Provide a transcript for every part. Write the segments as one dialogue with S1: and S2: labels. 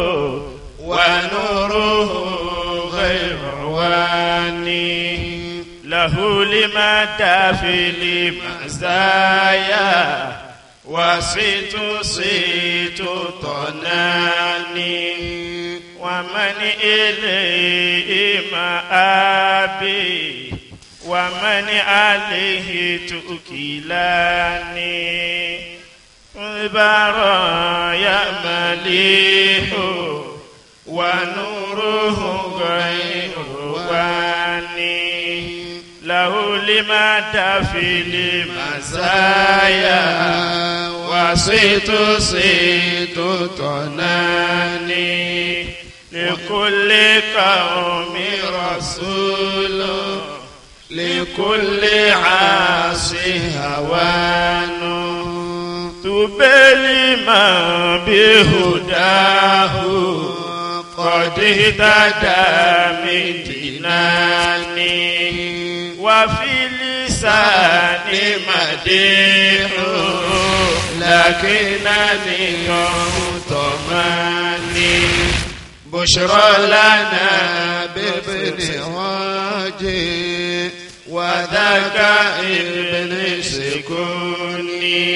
S1: ونوره غير عواني له لما في لمزايا وصيت صيت طناني ومن إليه مآبي ومن عليه تؤكلاني البرايا مليح ونوره غير واني له لما تفي لمزايا وصيت صيت
S2: تناني
S1: لكل قوم رسول لكل عاصي هواني tubeli ma bi hudahu kọdi dada mi dinani wa filisa ni madehu lakina ni yọmutomani bushra
S2: lana bibiri waje wadaka ibn sikuni.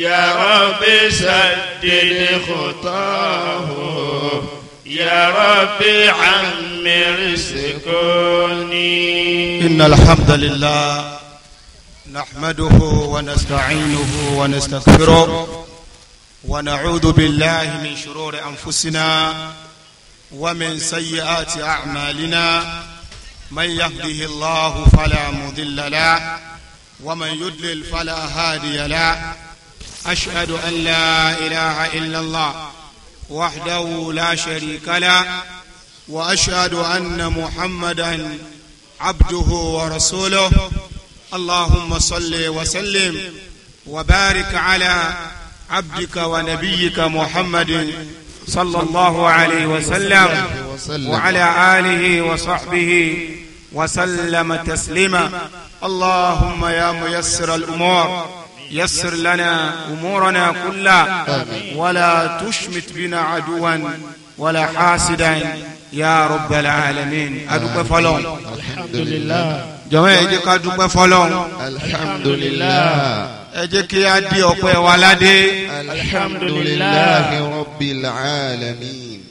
S1: يا رب سدد خطاه يا رب عمر سكوني
S3: إن الحمد لله نحمده ونستعينه ونستغفره ونعوذ بالله من شرور أنفسنا ومن سيئات أعمالنا من يهده الله فلا مضل له ومن يدلل فلا هادي له أشهد أن لا إله إلا الله وحده لا شريك له وأشهد أن محمدا عبده ورسوله اللهم صل وسلم وبارك على عبدك ونبيك محمد صلى الله عليه وسلم وعلى آله وصحبه وسلم تسليما اللهم يا ميسر الأمور يسر لنا أمورنا كلها ولا تشمت بنا عدوا ولا حاسدا يا رب العالمين أدوك فلون الحمد لله جماعة يجيك أدوك فلون الحمد لله ẹ يا kí a ولدي الحمد لله رب العالمين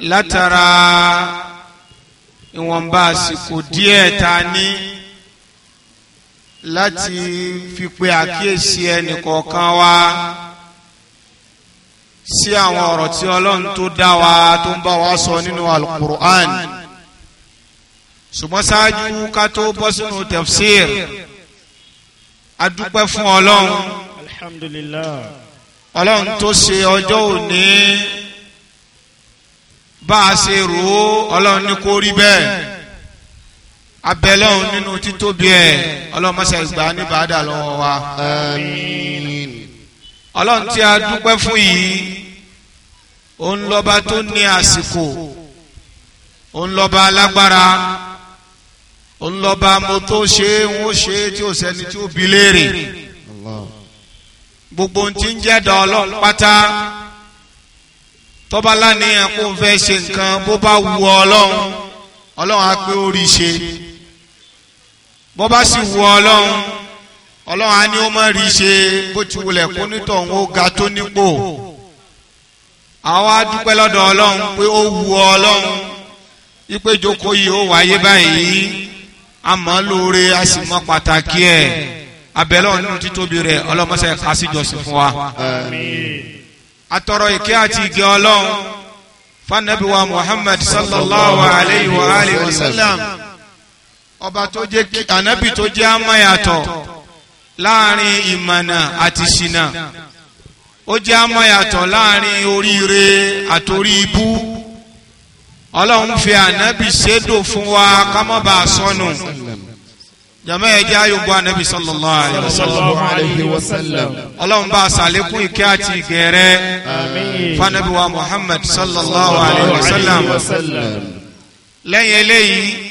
S3: لا ترى látara ìwọ̀nba àsìkò díẹ̀ láti fi pe àkíyèsí ẹnìkọ̀ọ̀kan wa
S1: sí àwọn ọ̀rọ̀ tí ọlọ́run tó dá wa tó ń bá wa sọ nínú alukur'an
S3: ṣùgbọ́n ṣáájú ká tó bọ́ sínú tafsir adúpẹ́ fún ọlọ́run
S1: alhamdulillah
S3: ọlọ́run tó ṣe ọjọ́ òní bá a ṣe rò ó ọlọ́run ní kó rí bẹ́ẹ̀ abẹ́lẹ́ òun nínú títóbi ẹ̀ ọlọ́mọṣẹ́ ìgbà níbàdà lọ́wọ́ wa. ọlọ́run tí a dúpẹ́ fún yìí òun lọ́ba tó ní àsìkò òun lọ́ba alágbára òun lọ́ba mo tó ṣe é ń ṣe é tí ó sẹ́ni tí ó bi léèrè. gbogbo ohun tí ń jẹ́ dán ọlọ́run pátá tọ́ba lánìyàn kó fẹ́ ṣe nǹkan bó bá wu ọlọ́run ọlọ́run á pé ó rí i ṣe bọ́ bá sì wù ọlọ́run ọlọ́run á ní ó mọ̀ rí ṣe bó ti wulẹ̀ kó nítọ̀ òun ó ga tó nípò àwọn á dúpẹ́ lọ́dọ̀ ọlọ́run pé ó wù ọlọ́run ipe jókòó yìí ó wáyé báyìí a mọ̀ lóore a sì mọ̀ pàtàkì ẹ̀ abẹ́lẹ́ ọ̀nà títóbi rẹ̀ ọlọ́mọṣẹ́ kásìjọsìn fún wa. atọrọ ìkẹ́ àti ìgẹ́ ọlọ́run fanabiwa Muhammad sallallahu alayhi wa alihi wa sallam ọba tó jẹ́ kí ànábì tó jẹ́ amáyàtọ̀ láàrin ìmọ̀nà àti ṣìnà ó jẹ́ amáyàtọ̀ láàrin oríire àtòrí ibú ọlọ́run fi ànábì ṣédò fún wa ká má bàa sọnù jàmọ́ ẹ̀jẹ̀ ayọ̀gbọ́ ànábì sallallahu alayhi wa sallam ọlọ́run bá a sàlékún ìkẹ́ àti ìgẹ̀rẹ́ fanabiwa muhammad sallallahu alayhi wa sallam lẹ́yìn eléyìí.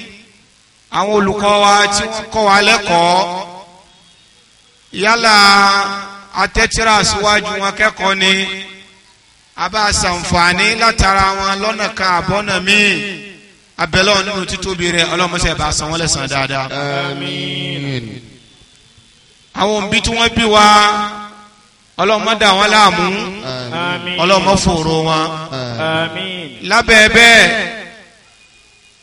S3: àwọn olùkọ́ wa tí wọ́n kọ́ wa lẹ́kọ̀ọ́ yálà atẹ́tíra wọn kẹ́kọ̀ọ́ ni abá ṣàǹfààní látara wọn lọ́nà kan àbọ́nà míì abẹ́lẹ́ nínú títóbi rẹ̀ ọlọ́mọṣẹ́ bá san wọ́n lẹ́san dáadáa. àwọn wa ọlọ́mọ dà láàmú. ọlọ́mọ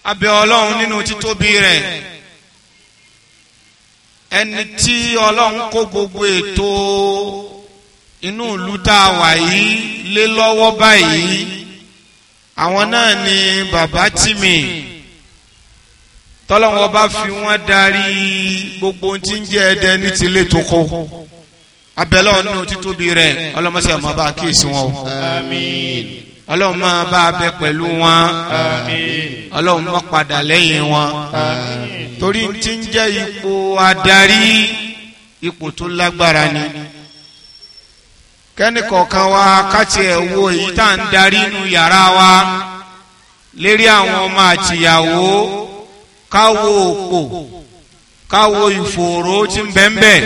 S3: abẹ ọlọ́run nínú títóbi rẹ̀ ẹni tí ọlọ́run kó gbogbo ètò inú ìlú tá a wà yìí lé lọ́wọ́ báyìí àwọn náà ni bàbá tìmì tọ́lọ́wọ́ bá fi wọ́n darí gbogbo tí ń jẹ́ ẹdẹ ní tilé tó kó abẹ́lẹ́ ọ̀nà títóbi rẹ̀ ọlọ́mọṣẹ́ ọmọ bá kíyèsí wọn o. ọlọ́run máa bá a bẹ pẹ̀lú wọn ọlọ́run padà lẹ́yìn wọn torí tí ń jẹ́ ipò adarí ipò tó lágbára ni kẹ́nìkọ̀ọ̀kan wa káti ẹ̀ wo èyí tá à inú yàrá wa lérí àwọn ọmọ àtìyàwó káwo òpò káwo ìfòòró tí ń bẹ́ńbẹ́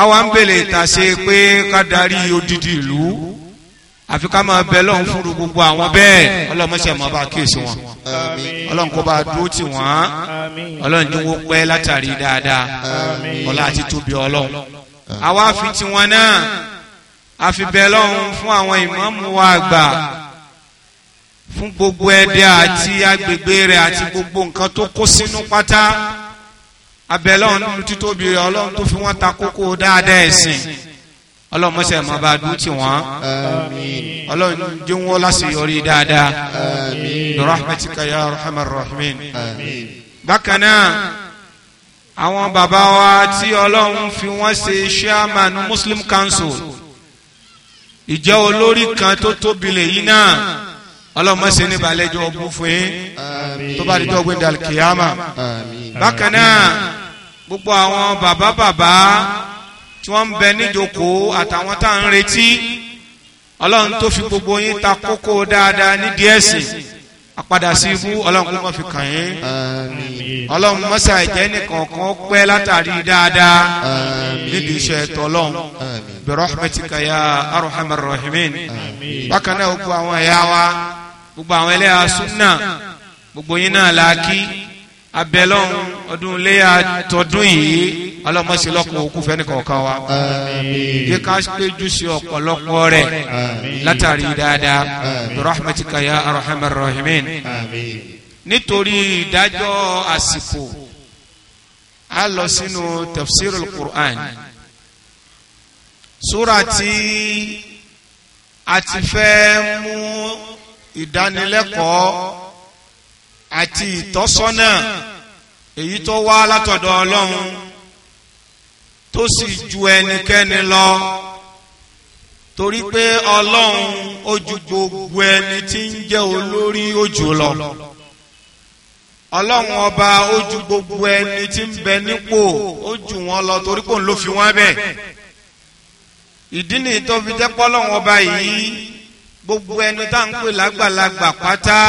S3: àwa ń bèlè pé ká àfi ká máa bẹ lọ́hún fúru gbogbo àwọn bẹ́ẹ̀ ọlọ́mọṣẹ́ mọ́ bá kíyèsí wọn ọlọ́run kó bá dúró tì wọ́n ọlọ́run tó wó pẹ́ látàrí dáadáa ọlá àti tóbi ọlọ́run àwa fi tiwọn náà àfi bẹ lọ́hún fún àwọn ìmáàmù wa àgbà fún gbogbo ẹdẹ àti agbègbè rẹ àti gbogbo nǹkan tó kó sínú pátá abẹ lọ́hún títóbi ọlọ́run tó fi wọ́n ta kókó dáadáa ẹ̀sìn ọlọ́run mọ́sẹ̀ mọ́ bá dùn tí wọ́n ọlọ́run jẹ́ wọn láṣeyọrí dáadáa bi rahmatika ya arhamar rahimin bákan náà àwọn bàbá wa tí ọlọ́run fi wọ́n ṣe chairman muslim council ìjẹ́ olórí kan tó tóbi lè yí náà ọlọ́run mọ́sẹ̀ ní balẹ̀jọ́ ọgbọ́n fún yín tó bá di tó gbẹ̀dẹ̀ bákan náà gbogbo àwọn bàbá bàbá tí wọ́n ń bẹ níjókòó àtàwọn tá à ń retí ọlọ́run tó fi gbogbo yín ta kókó dáadáa nídìí ẹ̀sìn àpadà sí ibú ọlọ́run kó má fi kàn yín ọlọ́run mọ́sà ìjẹ́ nìkan kan pẹ́ látàrí dáadáa nídìí iṣẹ́ ẹ̀tọ́ ọlọ́run bi rahmatika ya arhamar rahimin bákan náà gbogbo àwọn ẹ̀yà wa gbogbo àwọn ẹlẹ́yà súnà gbogbo yín náà la abẹ́lọ́hún ọdún léyà tọdún yìí ọlọ́mọṣẹ́lọ́kùn òkú fẹ́nìkọ̀ọ̀kan wa yé ká péjú sí ọ̀pọ̀lọpọ̀ rẹ̀ látàrí dáadáa rahmatika ya arhamar rahimin nítorí ìdájọ́ àsìkò a lọ sínú tafsir al-Qur'an tí a ti fẹ́ mú ìdánilẹ́kọ̀ọ́ àti ìtọ́sọ́nà èyí tó wá látọ̀dọ̀ ọlọ́run tó sì ju ẹnikẹ́ni lọ torí pé ọlọ́run ó ju gbogbo ẹni tí ń jẹ́ olórí ó jù lọ ọlọ́run ọba ó ju gbogbo ẹni tí ń bẹ nípò ó jù wọn lọ torí pòun ló fi wọn bẹ̀ ìdí nìyí tó fi jẹ́ pọ́lọ́run ọba yìí gbogbo ẹni tá à ń pè lágbàlagbà pátá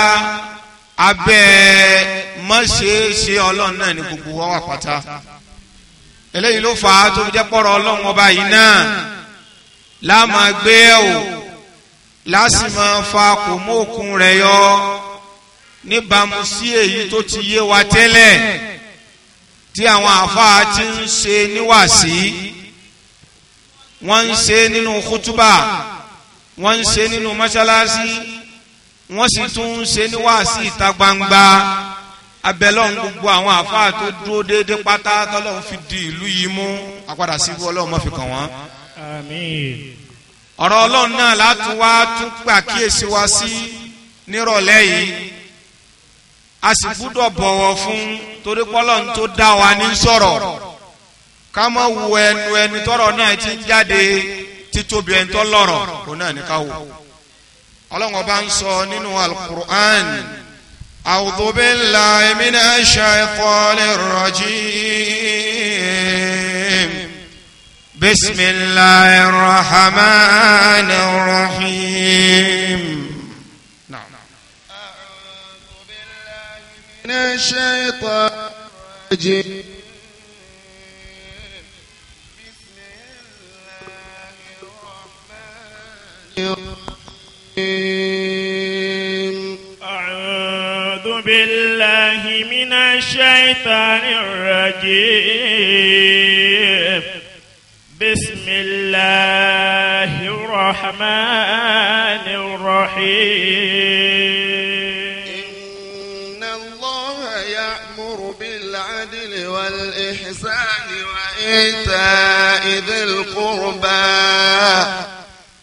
S3: abẹ́ mọ́ṣeéṣe ọlọ́run náà ni gbogbo wa wà pátá eléyìí ló fà á tó jẹ́ pọ̀rọ̀ ọlọ́run ọba yìí náà láàmà gbé ẹ̀wò lásìmọ̀ fa kò mú òkun rẹ̀ yọ níbàámu sí èyí tó ti yé wa tẹ́lẹ̀ tí àwọn àfáà ti ń ṣe níwàásí wọ́n ń ṣe nínú kútúbà wọ́n ń ṣe nínú mọ́ṣáláṣí wọ́n sì tún ń ṣe ní wáàsí ìta gbangba abẹ́lọ́n gbogbo àwọn àfáà tó dúró déédé pátá tọ́lọ́run fi di ìlú yìí mú apádà sí ibú ọlọ́run má fi kàn wọ́n. ọ̀rọ̀ ọlọ́run náà látún wá tún pàkíyèsí wa sí nírọ̀lẹ́ yìí a sì gbúdọ̀ bọ̀wọ̀ fún torí pọ́lọ́run tó dá wa ní sọ̀rọ̀ ká má wo ẹnu ẹni tọ́rọ̀ náà ti jáde títóbi ẹni tọ́lọ́rọ̀ òun náà ní ká wò ọlọ́run ọba ń sọ nínú alukur'an a'udhu billahi minash shaytanir rajim bismillahir rahmanir rahim.
S2: a'udhu billahi minash shaytanir rajim.
S1: أعوذ بالله من الشيطان الرجيم بسم الله الرحمن الرحيم إن الله يأمر بالعدل
S2: والإحسان وإيتاء ذي القربى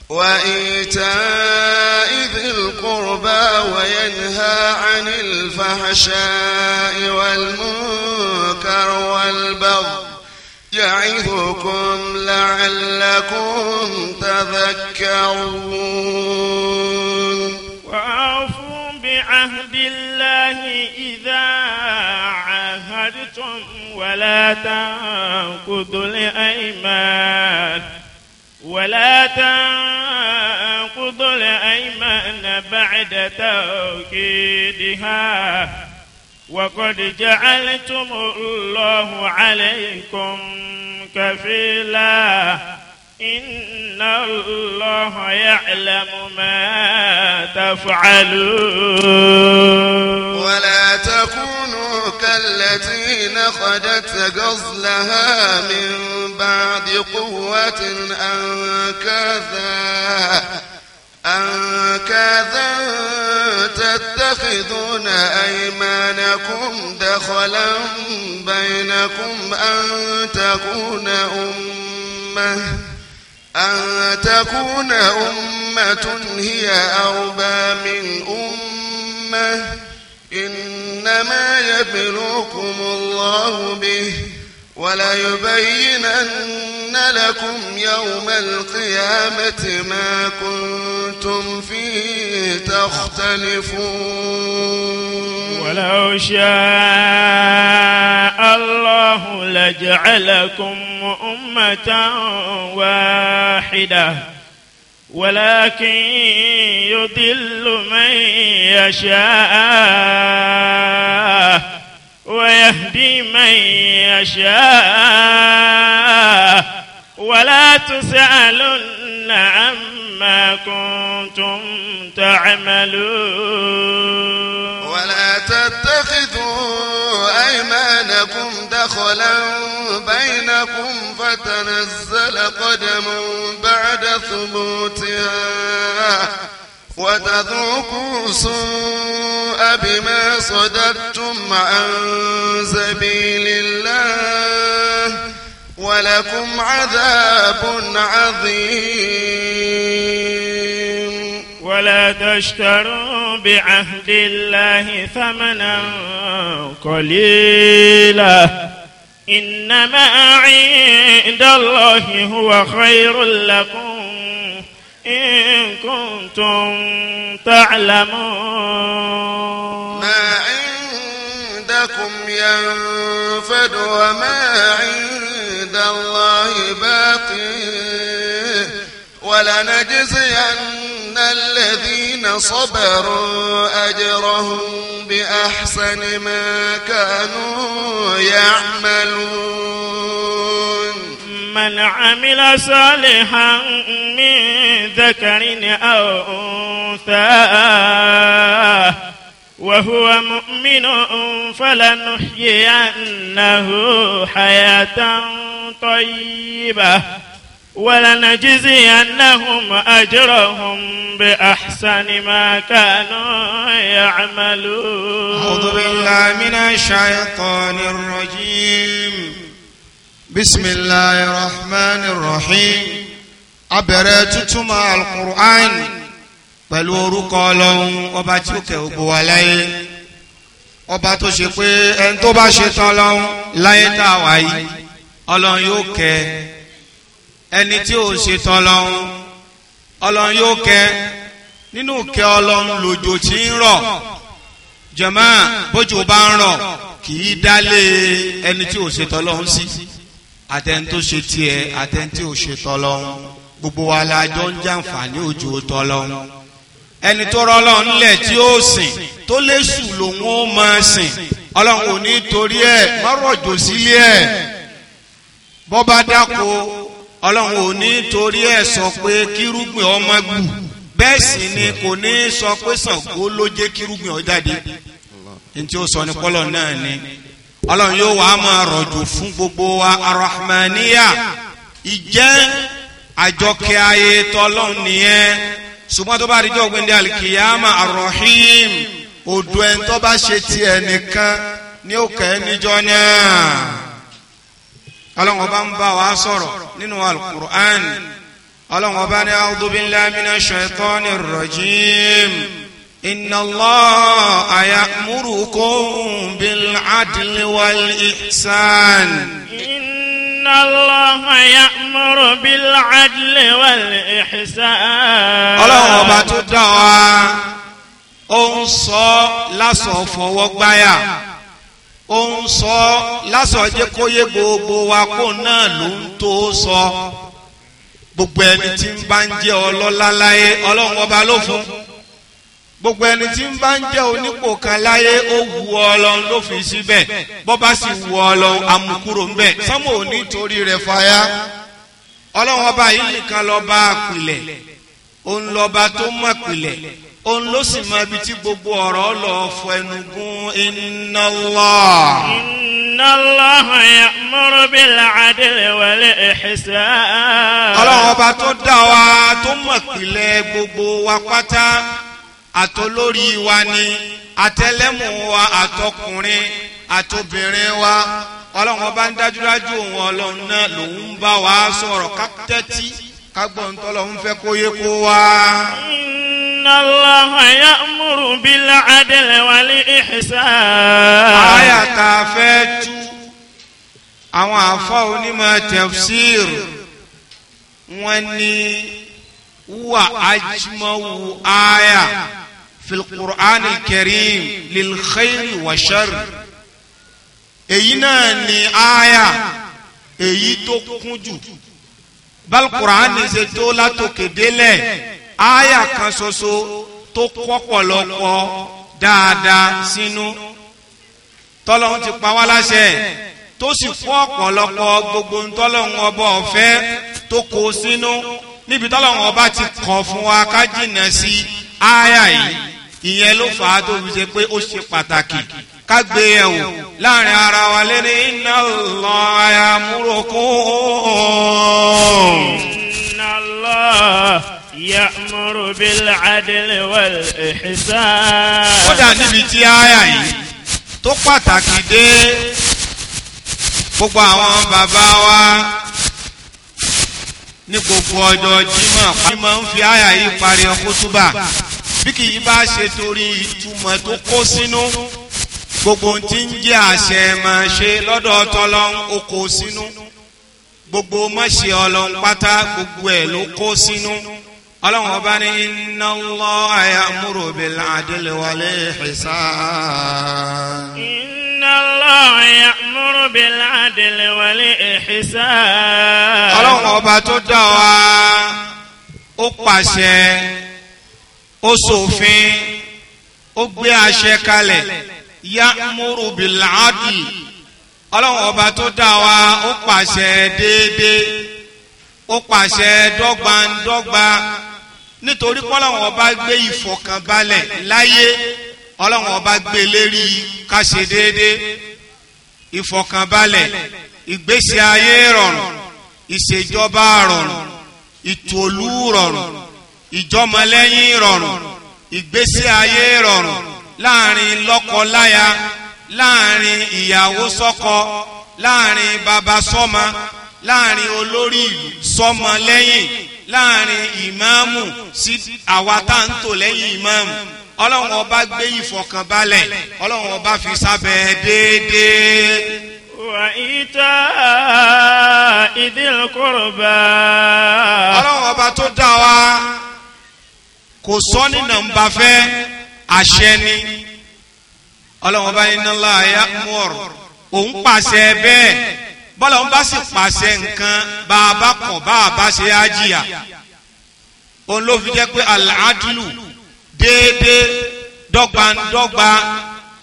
S2: وإيتاء ذي القربى وينهى عن الفحشاء والمنكر والبغي يعظكم لعلكم
S1: تذكرون وأوفوا بعهد الله إذا عاهدتم ولا تنقضوا الأيمان ولا تنقض الأيمان بعد توكيدها وقد جعلتم الله عليكم كفيلاً إن الله يعلم ما تفعلون ولا تكونوا كالتي
S2: نخجت غزلها من بعد قوة أنكاثا أنكاثا تتخذون أيمانكم دخلا بينكم أن تكون أمة أن تكون أمة هي أربى من أمة إنما يبلوكم الله به وليبينن لكم يوم القيامة ما كنتم فيه تختلفون
S1: ولو شاء الله لجعلكم أمة واحدة ولكن يضل من يشاء ويهدي من يشاء ولا تسألن عما كنتم تعملون ولا تتخذوا أيمانكم
S2: دخلا بينكم فتنزل قدم بعد ثبوتها وتذوقوا سوء بما صددتم عن سبيل الله ولكم عذاب
S1: عظيم ولا تشتروا بعهد الله ثمنا قليلا إنما عند الله هو خير لكم إن كنتم تعلمون
S2: ما عندكم ينفد وما عند الله باق ولنجزين الذين صبروا أجرهم بأحسن ما كانوا
S1: يعملون وعمل صالحا من ذكر أو أنثى وهو مؤمن فلنحيينه حياة طيبة ولنجزينهم أجرهم بأحسن ما كانوا يعملون أعوذ بالله من الشيطان الرجيم bisimilahi rahman rahim
S3: abẹ̀rẹ̀ tuntun alukur'an pẹ̀lú orúkọ ọlọ́run ọba tí ó kẹ́ gbogbo wa láyé ọba tó ṣe pé ẹni tó bá ṣe tán ọlọ́run láyé tá a wà yìí ọlọ́run yóò kẹ́ ẹni tí ò ṣe tán ọlọ́run ọlọ́run yóò kẹ́ nínú kẹ́ ọlọ́run lòjò tí ń rọ̀ jàmá bójú bá ń rọ̀ kì í dálé ẹni tí ò ṣe tán ọlọ́run sí. Si àtẹni tó ṣe tiẹ̀ àtẹni tí ò ṣe tọ́lọ́hún gbogbo wa la jọ ń jàǹfààní òjò tọ́lọ́hún ẹni tó rọ́lọ́ ńlẹ̀ tí ó sìn tó lè sùn lòun ó máa sìn ọlọ́run ò ní torí ẹ̀ mọ́rọ̀jò sílé ẹ̀ bọ́ bá dáko ọlọ́run ò ní torí ẹ̀ sọ pé kírúgbìn ọmọ gbù bẹ́ẹ̀ sì ni kò ní sọ pé Ṣàngó ló jẹ́ kírúgbìn ọ jáde ní tí ó sọ ní kọ́lọ̀ náà ni ọlọ́run yóò wá máa rọ̀jò fún gbogbo wa arahmaniya ìjẹ́ àjọkẹ́ ayé tọ́lọ́run nìyẹn ṣùgbọ́n tó bá rí jọ́ gbẹ̀ndé alikiyama arahim odò ẹ̀ tó bá ṣe ti ẹnìkan ní òkè níjọ́ náà ọlọ́run ọba ń bá wa sọ̀rọ̀ nínú alukur'an ọlọ́run ọba ní a'udhu billahi minash shaitani إن
S1: الله يأمركم بالعدل والإحسان إن الله يأمر بالعدل والإحسان ọlọ́run ọba tó dá wa
S3: ó ń sọ lásọ fọwọ́ gbáyà ó ń sọ lásọ jẹ́ kó yé gbogbo wa kó náà ló ń tó sọ gbogbo ẹni tí ń bá ń jẹ́ ọlọ́lá láyé ọlọ́run ọba ló fún un gbogbo ẹni tí ń bá ń jẹ́ onípò kan láyé ó wu ọlọ́run ló fi síbẹ̀ bọ́ bá sì wu ọlọ́run amukuro ń bẹ̀ sọ́mọ́ ò ní torí rẹ̀ fàyà ọlọ́run ọba yìí nìkan lọ́ba àpìlẹ̀ òun lọ́ba tó mọ̀ pìlẹ̀ òun ló sì mọ ibi tí
S1: gbogbo ọ̀rọ̀ lọ fọ ẹnu gún inna Allah. inna Allah ya'muru bil adli wal ihsan. ọlọ́run ọba
S3: tó dá wa tó mọ̀ pìlẹ̀ gbogbo wa pátá àtolórí wa ni àtẹlẹ́mù wa àtọkùnrin àtobìnrin wa ọlọ́run ọba ń dájúdájú òun ọlọ́run náà lòun ń bá wa sọ̀rọ̀ kápẹ́tì kágbọ́n tọ́lọ́run
S1: fẹ́ kó yé kó wá. inna Allaha ya'muru bil 'adli wal ihsan. àyà tá fẹ́ tú
S3: àwọn àfa onímọ̀ tafsir wọ́n ní wà ájúmọ́wù àyà. في القرآن الكريم للخير والشر èyí náà أيتو aya بل tó kún jù balùkùránì ṣe tó látòkè délẹ̀ aya kan ṣoṣo tó kọ́pọ̀lọpọ̀ dáadáa sínú tọ́lọ́hún ti pa wá láṣẹ tó sì fún ọ̀pọ̀lọpọ̀ gbogbo tọ́lọ́hún ọba ọ̀fẹ́ tó kó sínú níbi tọ́lọ́hún ọba ti kọ̀ fún wa ká jìnnà sí aya yìí ìyẹn ló fà á tó fi ṣe pé ó ṣe pàtàkì ká gbé e wò láàrin ara wa lẹ́ni
S1: iná lọ ayamúrokún. iná lọ ya'muru bil adli wal ihsan. kódà níbi tí àyà yìí
S3: tó pàtàkì dé gbogbo àwọn bàbá wa ní gbogbo ọjọ́ Jímọ̀ máa ń fi àyà yìí parí ọkọ̀ túbà bí kì í bá ṣe torí ìtumọ̀ tó kó sínú gbogbo tí ń jẹ́ àṣẹ máa ṣe lọ́dọ̀ ọ̀tọ́lọ́hún ó kó sínú gbogbo mọ̀ṣẹ́ ọlọ́hún pátá gbogbo ẹ̀ ló kó sínú ọlọ́run ọba ní inna Allaha ya'muru bil adli
S1: wal ihsan. inna Allaha ya'muru bil adli wal ihsan. ọlọ́run ọba tó dá wa
S3: ó pàṣẹ ó ṣòfin ó gbé àṣẹ kalẹ̀ ya'muru bil 'adli ọlọ́run ọba tó dá wa ó pàṣẹ déédéé ó pàṣẹ dọ́gbandọ́gba nítorí pọ́lọ́run ọba gbé ìfọ̀kànbalẹ̀ láyé ọlọ́run ọba gbé lérí ká ṣe déédéé ìfọ̀kànbalẹ̀ ìgbésí ayé rọrùn ìṣèjọba rọrùn ìtòlú rọrùn ìjọmọlẹ́yìn rọrùn ìgbésí ayé rọrùn láàrin lọ́kọ-láya láàrin ìyàwó sọ́kọ láàrin bàbá sọ́mọ láàrin olórí ìlú sọ́mọ lẹ́yìn láàrin ìmáàmù sí àwa tá à ń tò lẹ́yìn ìmáàmù ọlọ́run ọba
S1: gbé ìfọ̀kànbalẹ̀ ọlọ́run ọba fi sábẹ́ déédéé. وإيتاء ذي القربى ọlọ́run ọba tó dá wa kò sọ ní nàmbà fẹ́
S3: àṣẹ ni ọlọ́wọ́n bá iná láàyà mọ́ọ̀rọ̀ òun pàṣẹ bẹ́ẹ̀ bọ́lá òun bá sì pàṣẹ nǹkan bá a bá kọ̀ bá a bá ṣe á jìyà òun ló fi jẹ́ pé aláàdúlù déédéé dọ́gbandọ́gba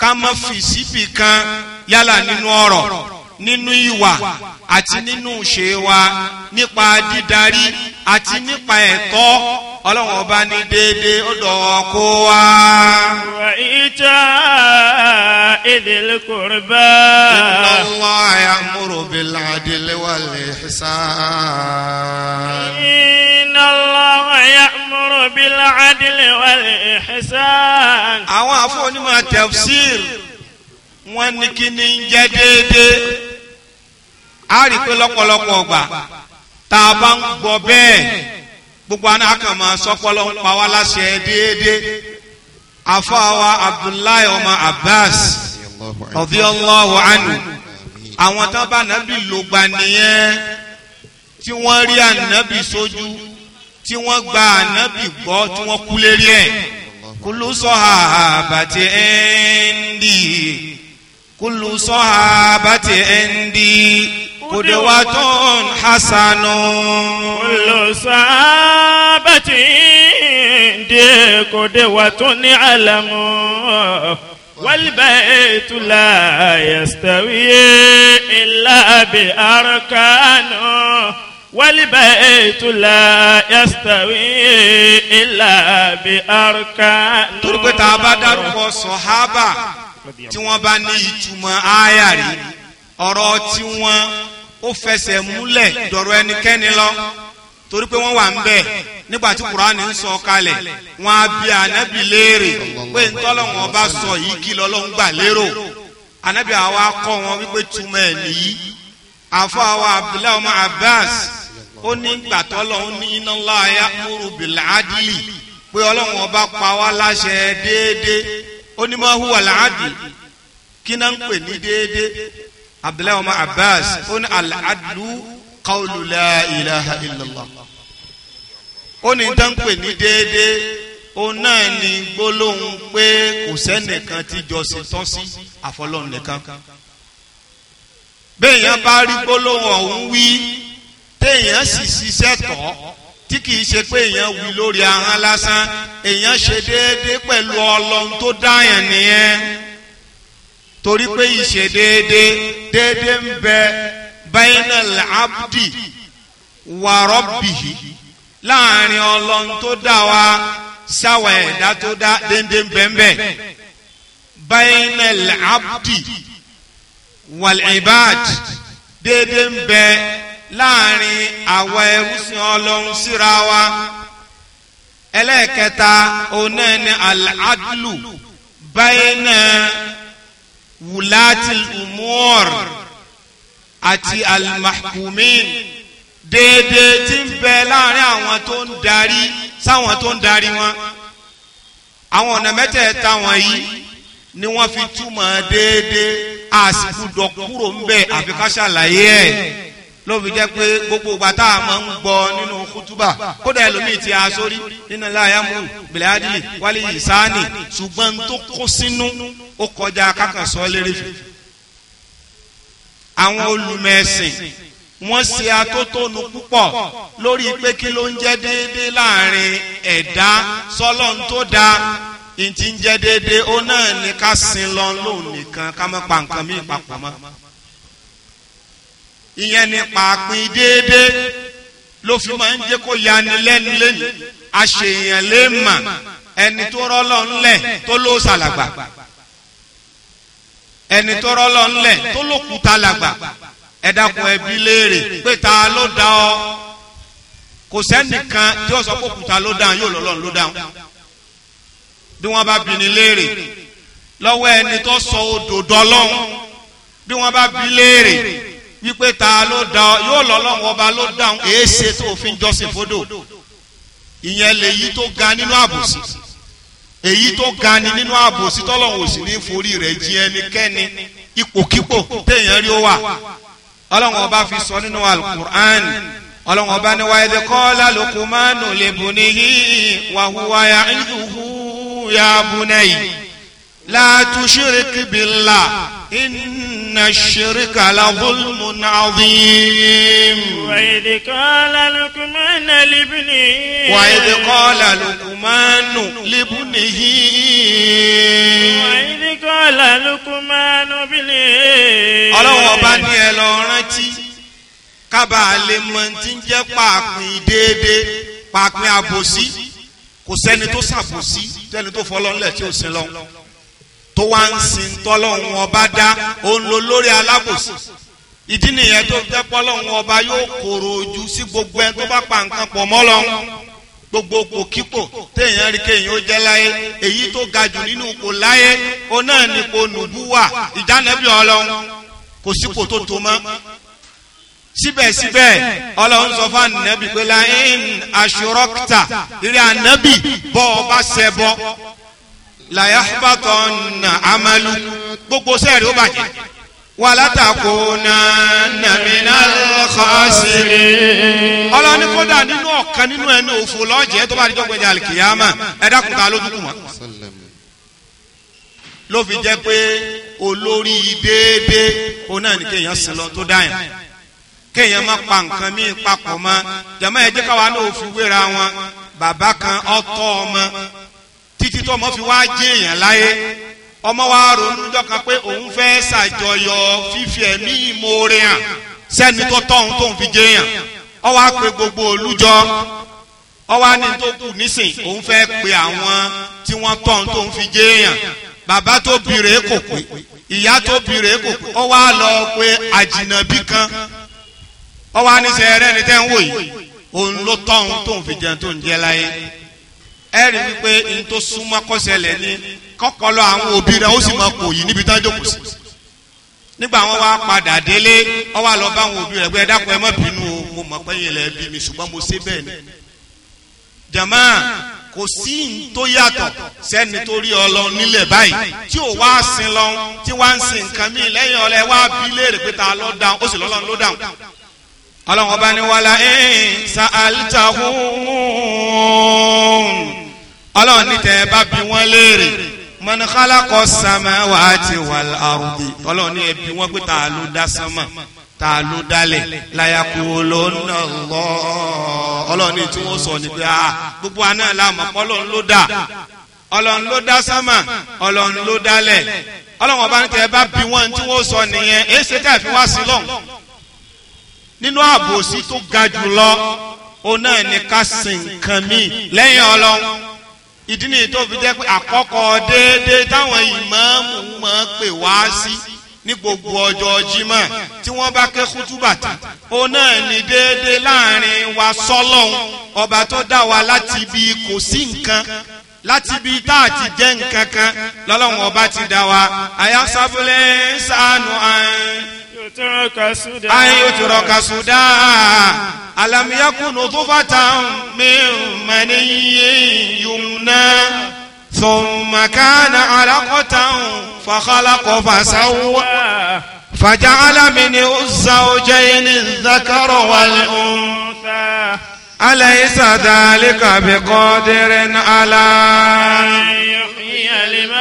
S3: ká má fi síbì kan yálà nínú ọ̀rọ̀ nínú ìwà àti nínú ìṣe wa nípa dídarí àti
S1: nípa ẹ̀tọ́ ọlọ́run ọba ní déédéé ó dọ̀wọ́ kó wá. wà ìjà ìdílé kùrùbá. ìlọ́lọ́ àyàmúrò bí ládìlé wà lè ṣá. ìnáwó àyàmúrò bí ládìlé wà lè ṣá. àwọn afọ́nímọ̀ tafsir wọ́n ní kí ni ń jẹ́ déédéé.
S3: a rí i pé lọ́pọ̀lọpọ̀ ọgbà tá a bá ń gbọ́ bẹ́ẹ̀ gbogbo àná àkàmà sọpọlọ ń pa wá láṣẹ déédéé àfọwà abdullahi ọmọ abbas
S4: radiyallahu anhu
S3: àwọn tó bá nàbì lògbà nìyẹn tí wọ́n rí ànábì sójú tí wọ́n gba ànábì gbọ́ tí wọ́n kú lérí ẹ̀ kulu sahabati indi kulu sahabati
S1: indi. قدوة حسن كل صحابة دي قدوة علم والبيت لا يستوي إلا بأركانه والبيت لا يستوي إلا بأركان. torí pé tá a bá
S3: dárúkọ sọ̀hábà tí wọ́n bá ní ìtumọ̀ ááyà rí. ọ̀rọ̀ tiwọn ó fẹsẹ̀ múlẹ̀ dọ̀rọ̀ ẹnikẹ́ni lọ torí pé wọ́n wà ń bẹ̀ nígbà tí kuraani ń sọ kalẹ̀ wọn á bi ànábì léèrè pé ntọ́lọ́wọ́n ọba sọ yìí kí lọ́lọ́run gbà lérò anabi àwa kọ́ wọn wípé túmọ̀ ẹ̀ nìyí àfọ àwa abdullahi ọmọ abbas ó ní gbàtọ́lọ́ ó ní inna Allaha ya'muru bil adli pé ọlọ́run ọba pa wá láṣẹ déédéé ó ní ma huwa al adl kí náà ń pè ní déédéé abdullahi ọmọ abbas ó ní al-adlu qawlu la ilaha illallah ó ní tán pè ní déédéé òun náà ni gbólóhùn pé kò sẹ́nìkan tí jọ́sìn tán sí àfọlọ́run nìkan béèyàn bá rí gbólóhùn ọ̀hún wí téèyàn sì ṣiṣẹ́ tọ̀ tí kìí ṣe pé èèyàn wí lórí ahọ́n lásán èèyàn ṣe déédéé pẹ̀lú ọlọ́run tó dáyàn nìyẹn torí pé ìṣe déédé déédé ń bẹ bainal abdi wa rabbihi láàrin ọlọ́run tó dá wa sáwà ẹ̀dá tó dá déédé ń bẹ ń bẹ bainal abdi wal ibad déédé ń bẹ láàrin àwa ẹrúsìn ọlọ́run síra wa ẹlẹ́ẹ̀kẹta onáni al bainal wulati umor àti almahkumin déédéé tí ń bẹ láàrin àwọn tó ń darí sáwọn tó ń darí wọn àwọn ọ̀nà mẹ́tẹ̀ẹ̀ta wọ̀nyí ni wọ́n fi túmọ̀ déédéé a sì ń bẹ àfi ẹ̀ ló fi jẹ́ pé gbogbo ìgbà tá a máa ń gbọ́ nínú kútúbà kódà ẹlòmíì ti aṣórí nínú láyàmú bìláàdì wálé ìsáàní ṣùgbọ́n tó kó sínú ó kọjá kákàsọ lérè fi. àwọn olùmẹ̀sìn wọ́n ṣe atótónu púpọ̀ lórí pé kí ló ń jẹ́ déédéé láàrin ẹ̀dá sọ́lọ́n tó da ìtì ń jẹ́ déédéé ó náà ní ká sin lọ lóun nìkan ká má pa nǹkan mí papọ̀ mọ́ ìyẹn ni pàápín déédéé ló fi máa ń jẹ́ kó yani lẹ́nu lẹ́nu àṣèyàn lè mà ẹni tó rọ́lọ́ ńlẹ̀ tó ló ṣàlàgbà ẹni tó rọ́lọ́ ńlẹ̀ tó lókùúta làgbà ẹ dákun ẹbí léèrè pé ta ló dá ọ kò sẹ́nìkan tí ó sọ pé òkúta ló dáhùn yóò lọ́lọ́run ló dáhùn bí wọ́n bá bi ní léèrè lọ́wọ́ ẹni tó sọ odò dọ́lọ́hún bí wọ́n bá bi léèrè wípé ta ló da ọ yóò lọ lọ́wọ́ ọba ló dáhùn èéṣe tó fi ń jọ́sìn fódò ìyẹn lèyí tó ga nínú àbòsí èyí tó ga ni nínú àbòsí tọ́lọ́hún ò sì ní forí rẹ̀ jí ẹnikẹ́ni ipòkípò téèyàn rí ó wà ọlọ́run ọba fi sọ nínú alukur'an ọlọ́run ọba ní wa idh qala Luqmanu libunihi wa huwa
S1: ya'iduhu
S3: ya bunayya la tushrik billah
S1: inna
S3: shirka la
S1: zulmun azim. wa idh qala luqman libnihi. wa idh qala luqman libnihi. wa idh qala luqman libnihi. ọlọ́wọ́ ọba ní ẹ
S3: lọ rántí kábàá lè mọ ti ń jẹ́ pàápín déédéé pàápín àbòsí kò sẹ́ni tó ṣàbòsí tẹ́ni tó fọlọ́ńlẹ̀ tí ò sin lọ́wọ́ tó wá ń sin tọ́lọ́hún ọba dá òun ló lórí alábòsí ìdí nìyẹn tó jẹ́ pọ́lọ́hún ọba yóò kóró ojú sí gbogbo ẹni tó bá pa nǹkan pọ̀ mọ́ lọ́hún gbogbo kòkípò téèyàn rí kéèyàn ó jẹ́ láyé èyí tó ga jù nínú kò láyé ó náà ní kò nùbú wà ìjánẹ́bí ọlọ́hún kò sípò tó tó mọ́ síbẹ̀síbẹ̀ ọlọ́run sọ fún ànábì pé láyé aṣọ́rọ́kítà ìrẹ́ ànábì bọ́ ọba ṣẹbọ làyàfàtọ̀ nà amalu gbogbo sẹ́ẹ̀rì ó bàjẹ́ wàlátàkùnà nàmínà lọ́kọ́sílì. ọlọ́ni kódà nínú ọ̀kan nínú ẹnu òfò lọ́jẹ́ tó bá di jọ́gbẹ́jà àlìkìyàmà ẹ̀dá kùtà lójú kùmọ̀. ló fi jẹ́ pé olórí déédéé kó náà ní kéèyàn sin lọ tó dáyà kéèyàn má pa nǹkan míì papọ̀ mọ́ jàmọ́ ẹ káwa náà fi wéra wọn bàbá kan ọ̀tọ̀ ọmọ títí tó ọmọ fi wá jẹ́ èèyàn láyé ọmọ wa ronú dọ́kan pé òun fẹ́ ṣàjọyọ̀ fífi ẹ̀mí ìmoore hàn sẹ́ni tó tọ́hún tóun fi jẹ́ èèyàn ó wá pe gbogbo olújọ ó wá ní tó kù nísìn òun fẹ́ pe àwọn tí wọ́n tọ́hún tóun fi jẹ́ èèyàn bàbá tó bí rèé kò pé ìyá tó bí rèé kò pé ó wá lọ pe àjìnàbí kan ó wá ní sẹ́yẹrẹ́ ni tẹ́ ń wò yìí òun ló tọ́hún tóun fi jẹun tóun jẹ́ láyé ẹ rí wípé n tó súnmọ́ kọ́sẹ̀lẹ̀ ni kọ́kọ́lọ́ àwọn òbí rẹ̀ ó sì máa kò yìí níbi tájọ́ kù sí. nígbà wọn wá padà délé wọn wá lọ bá àwọn òbí rẹ̀ pé ẹ dákun ẹ má bínú o mo mọ̀ pé yẹn lẹ bí mi ṣùgbọ́n mo ṣe bẹ́ẹ̀ ni. jama kò sí n tó yàtọ̀ sẹ́ni tó rí ọ lọ nílẹ̀ báyìí tí ò wá sin lọ tí wá ń sin nǹkan míì lẹ́yìn ọ̀lẹ́ wá bí léèrè pé ta ló dáhùn ó sì lọ́lọ́run ló ọlọ́run ọba ni wàhálà ẹ̀ ń sa àlítà ọlọ́run ní tẹ́ ẹ bá bi wọ́n léèrè man khalaqa samawati wal ardi ọlọ́run ní ẹ bi wọ́n pé ta ló dá sánmà ta ló dálẹ̀ layakulunna Allah ọlọ́run ní tí wọ́n sọ ní pé a ah, gbogbo àná làmọ́ ọlọ́run ló dá ọlọ́run ló dá sánmà ọlọ́run ló dálẹ̀ ọlọ́run ọba ní tẹ́ bá bi wọ́n tí wọ́n sọ nìyẹn èyí ṣe tẹ́ ẹ wá sí lọ́hùn nínú àbòsí tó ga jùlọ òun náà ní ká sìn nǹkan míì lẹ́yìn ọlọ́run ìdí nìyí tó fi jẹ́ pé àkọ́kọ́ déédéé táwọn ìmáàmù máa pè wá sí ní gbogbo ọjọ́ Jímọ̀ tí wọ́n bá ké kútúbàtà ó náà ní déédéé láàrin wa sọ́lọ́hún ọba tó dá wa láti ibi kò sí nǹkan láti ibi tá a ti jẹ́ nǹkan kan lọ́lọ́hún ọba ti dá wa àyà sábúlẹ̀ sànù àìn ayutraka suda alam yakun nutfatan min maniyyin yumna ثم كان
S1: علقة فخلق فسوى
S3: فجعل منه الزوجين الذكر والأنثى أليس ذلك بقادر على ọlọ́run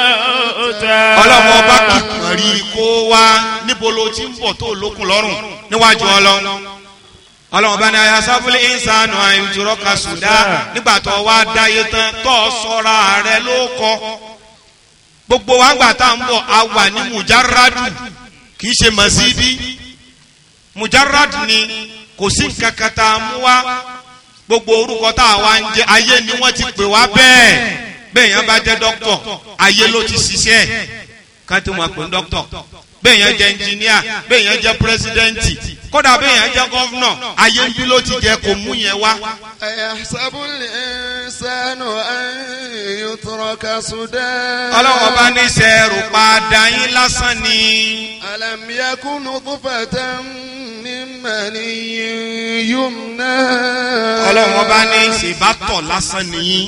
S3: ọba kìkan rí kó wá níbo ló ti ń bọ̀ tó lókun lọ́rùn níwájú ọlọ́run ọlọ́run ọba ní aya sábúlé ìsànù àìjùrọ̀ ka sùdá nígbà tó wá dáyé tán tó sọ́ra rẹ ló kọ́ gbogbo wa gbà tá à ń bọ̀ a wà ní mujaradu kì í ṣe masidi mujaradu ni kò sí nǹkan kan tá a mú wá gbogbo orúkọ tá a wá ń jẹ ayé ni wọ́n ti pè wá bẹ́ẹ̀ bẹ́ẹ̀ yẹn bá jẹ́ dọ́kítọ̀ ayé ló ti ṣiṣẹ́ ẹ̀ ká tó máa pè ní dọ́kítọ̀ bẹ́ẹ̀ yẹn jẹ́ ẹnjìníà bẹ́ẹ̀ yẹn jẹ́ pírẹsidẹ́ǹtì
S2: kódà bẹ́ẹ̀ yẹn jẹ́ gọ́vnọ̀ ayé ń bí
S3: ló ti jẹ kò mú yẹn wá.
S2: ọlọ́wọ́ bá ní sẹ́ẹ̀rù padà yín lásán ni. àlàmìyàkùnú tó fẹ̀tẹ̀ ní mẹ́ni yìí yóò ná. ọlọ́wọ́ bá ní
S3: ṣèbátọ̀ lásán nìyí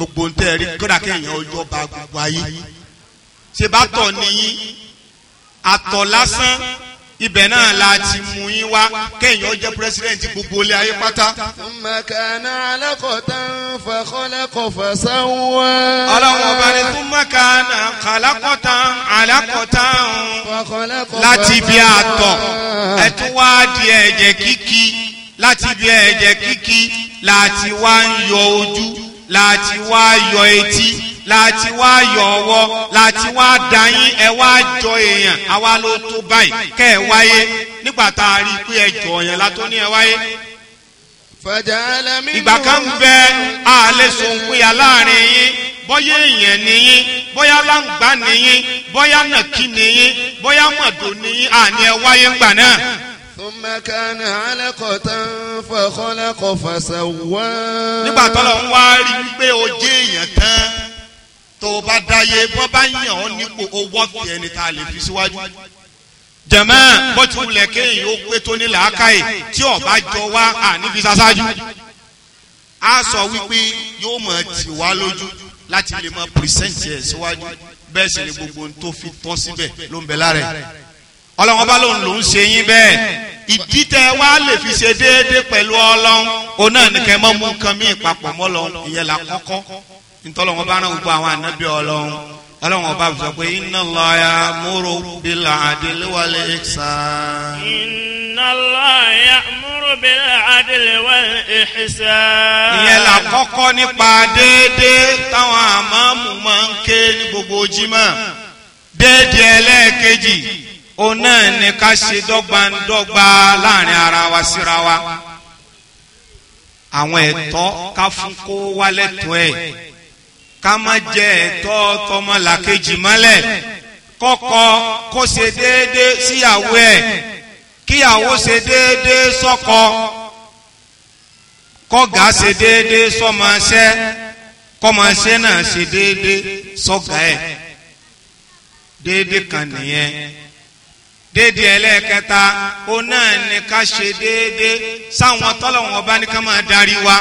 S3: gbogbo ń tẹ́ rí kódà kéèyàn ọjọ́ ba gbogbo ayé ṣe bá tọ̀ nìyí àtọ̀ lásán ibẹ̀ náà la ti mú
S2: yín wá kéèyàn jẹ́ pírẹsidẹ́ǹtì gbogbo ilé ayé pátá. mọ̀kànà alákọ̀ọ́tà ń fa kọ́lẹ́kọ̀ fàṣáwá. ọlọ́run ọba ni fún mọ̀kànà kàlákọ̀ọ́tà alákọ̀ọ́tà láti ibi àtọ̀
S3: ẹ wá di ẹ̀jẹ̀ kíkì láti ibi ẹ̀jẹ̀ kíkì láti wá ń yọ ojú láti wá yọ etí láti wá yọ ọwọ́ láti wá dayín ẹ wá jọ èèyàn àwa ló tó báyìí kẹ́ ẹ wáyé nígbà tá a rí i pé ẹ jọ yẹn látó ní ẹ wáyé. ìgbà kan ń bẹ àlẹ́ sòǹpìyà láàrin yín bóyá èèyàn nìyín bóyá láǹgbá nìyín bóyá nàkí nìyín bóyá mọ̀dọ̀ nìyín àní ẹ wáyé ńgbà náà.
S2: ثم كان علقة فخلق فسوى. nígbà tọ́lọ̀ ń wá rí i pé o jẹ́ èèyàn tán tó o bá dáyé bọ́
S3: bá yàn ọ́ nípò owó fi ẹni tá a lè fi síwájú. jẹ̀mọ́ bó ti wulẹ̀ kéèyàn ó pé tó ní làákàyè tí ọba jọ wá àníbi sáṣáájú. a sọ wípé yóò mọ̀ tì wá lójú láti lè mọ pírísẹ́ǹtì ẹ̀ síwájú bẹ́ẹ̀ sì ni gbogbo ohun tó fi tọ́ síbẹ̀ ló ń bẹ lára ẹ̀ ọlọ́run ọba lòun lòun ṣe yín bẹ́ẹ̀ ìdí tẹ wá lè fi ṣe déédéé pẹ̀lú ọlọ́run òun náà ní kẹ́ mọ́ mú nǹkan míì papọ̀ mọ́ lọ ìyẹn là kọ́kọ́ nítorí wọn bá gbogbo àwọn ànábì ọlọ́run
S1: ọlọ́run ọba sọ pé inna Allah ya'muru bil adli wal ihsan. inna Allah ya'muru bil adli
S3: ìyẹn là kọ́kọ́ nípa déédéé táwọn àmọ́mù máa ń ké ní gbogbo jímọ̀ déédéé ẹlẹ́ẹ̀kejì. Ona náà ni ká ṣe dọ́gbandọ́gba láàrin ara wa síra wa àwọn ẹ̀tọ́ ká fún kó wálẹ̀tọ́ ẹ̀ ká má jẹ ẹ̀tọ́ tọmọlàkejì mọ́lẹ̀ kọ́kọ́ kó ṣe déédé síyàwó ẹ̀ kíyàwó ṣe déédé sọ́kọ kọ́gà ṣe déédé sọ́mọṣẹ́ kọ́mọṣẹ́ náà ṣe déédé sọ́gà ẹ̀ déédé kan nìyẹn déédéé ẹlẹ́ẹ̀kẹta ó náà ní ká ṣe déédéé sáwọn tọ́lọ́wọ́n ọba ní ká máa darí wa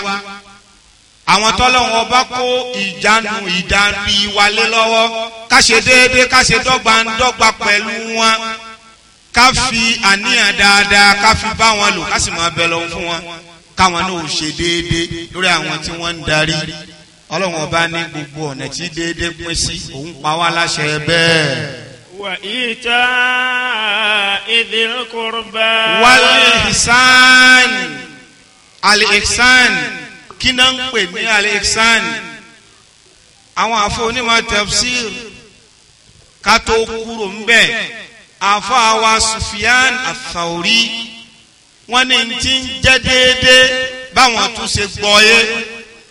S3: àwọn tọ́lọ́wọ́n ọba kó ìjánu ìdarí wa lé lọ́wọ́ ká ṣe déédéé ká ṣe dọ́gba ń dọ́gba pẹ̀lú wọn ká fi àníyàn dáadáa ká fi bá wọn lò ká sì máa bẹ̀ lọ́wọ́ fún wọn káwọn náà ò ṣe déédéé lórí àwọn tí wọ́n ń darí ọlọ́wọ́n ọba ní gbogbo ọ̀nà tí déédéé pín sí òun pa wá láṣẹ bẹ́ẹ̀.
S1: وإيتاء ذي القربى والإحسان الإحسان kí
S3: náà ń pè ní al-ihsan àwọn àfọ onímọ̀ tafsir ká tó kúrò ń bẹ̀ àfọ àwa Sufyan al-Thawri wọ́n ní ti ń jẹ́ déédéé báwọn tún ṣe gbọ́ yé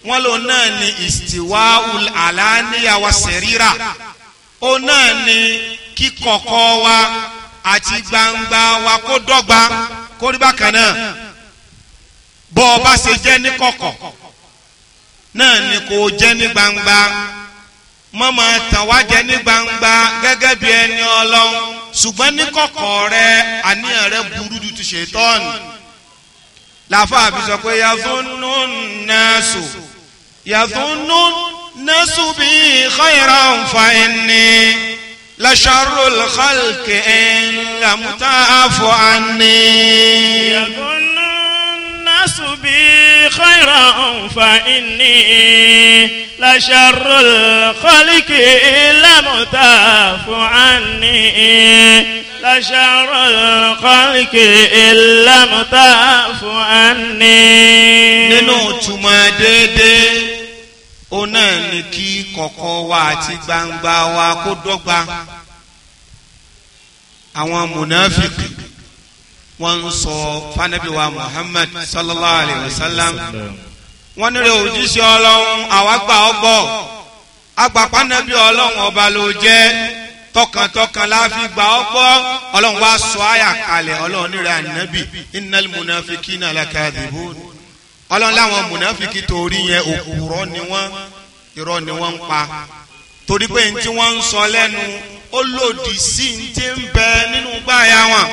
S3: wọ́n lò náà ní istiwa ul alaniya wa sẹ̀ríra ó náà ní kí wa àti gbangba wa kó dọ́gba kó rí bákan náà bọ́ ọ bá ṣe jẹ́ ní kọ̀kọ̀ náà ni kò jẹ́ ní gbangba mọ́ máa tàn wá jẹ́ ní gbangba gẹ́gẹ́ bí ẹni ọlọ́run ṣùgbọ́n ní kọ̀kọ̀ rẹ àníyàn rẹ burú ju ti ṣètọ́ọ̀nù làáfàá fi sọ pé yàtúnú nẹ́ẹ̀sù yàtúnú nẹ́ẹ̀sù bíi khayran fa inni. لشر الخلق إن لم تعف
S1: عني يظن الناس بي خيرا فإني لشر الخلق إن لم تعف عني لشر الخلق إن لم تعف عني ننوت ما
S3: ó náà ní kí kọ̀kọ̀ wa àti gbangba wa kó dọ́gba àwọn mùnàfíkì wọ́n ń sọ fanabiwa Muhammad sallallahu alayhi wa sallam wọ́n nílò òjíṣẹ́ ọlọ́run àwa gbà ọ́ gbọ́ agbapanabi ọlọ́run ọba ló jẹ́ tọkàntọkàn láfi gbà ọ́ gbọ́ ọlọ́run wá sọ àyà kalẹ̀ ọlọ́run nílò ànábì innal munafikina lakadibun. ọlọ́run láwọn mùnàfíkì torí yẹn òkúrọ́ ni wọ́n irọ́ pa
S1: torí pé ní wọn wọ́n ń sọ
S3: lẹ́nu ó lòdì sí tí ń bẹ nínú gbáyà wọn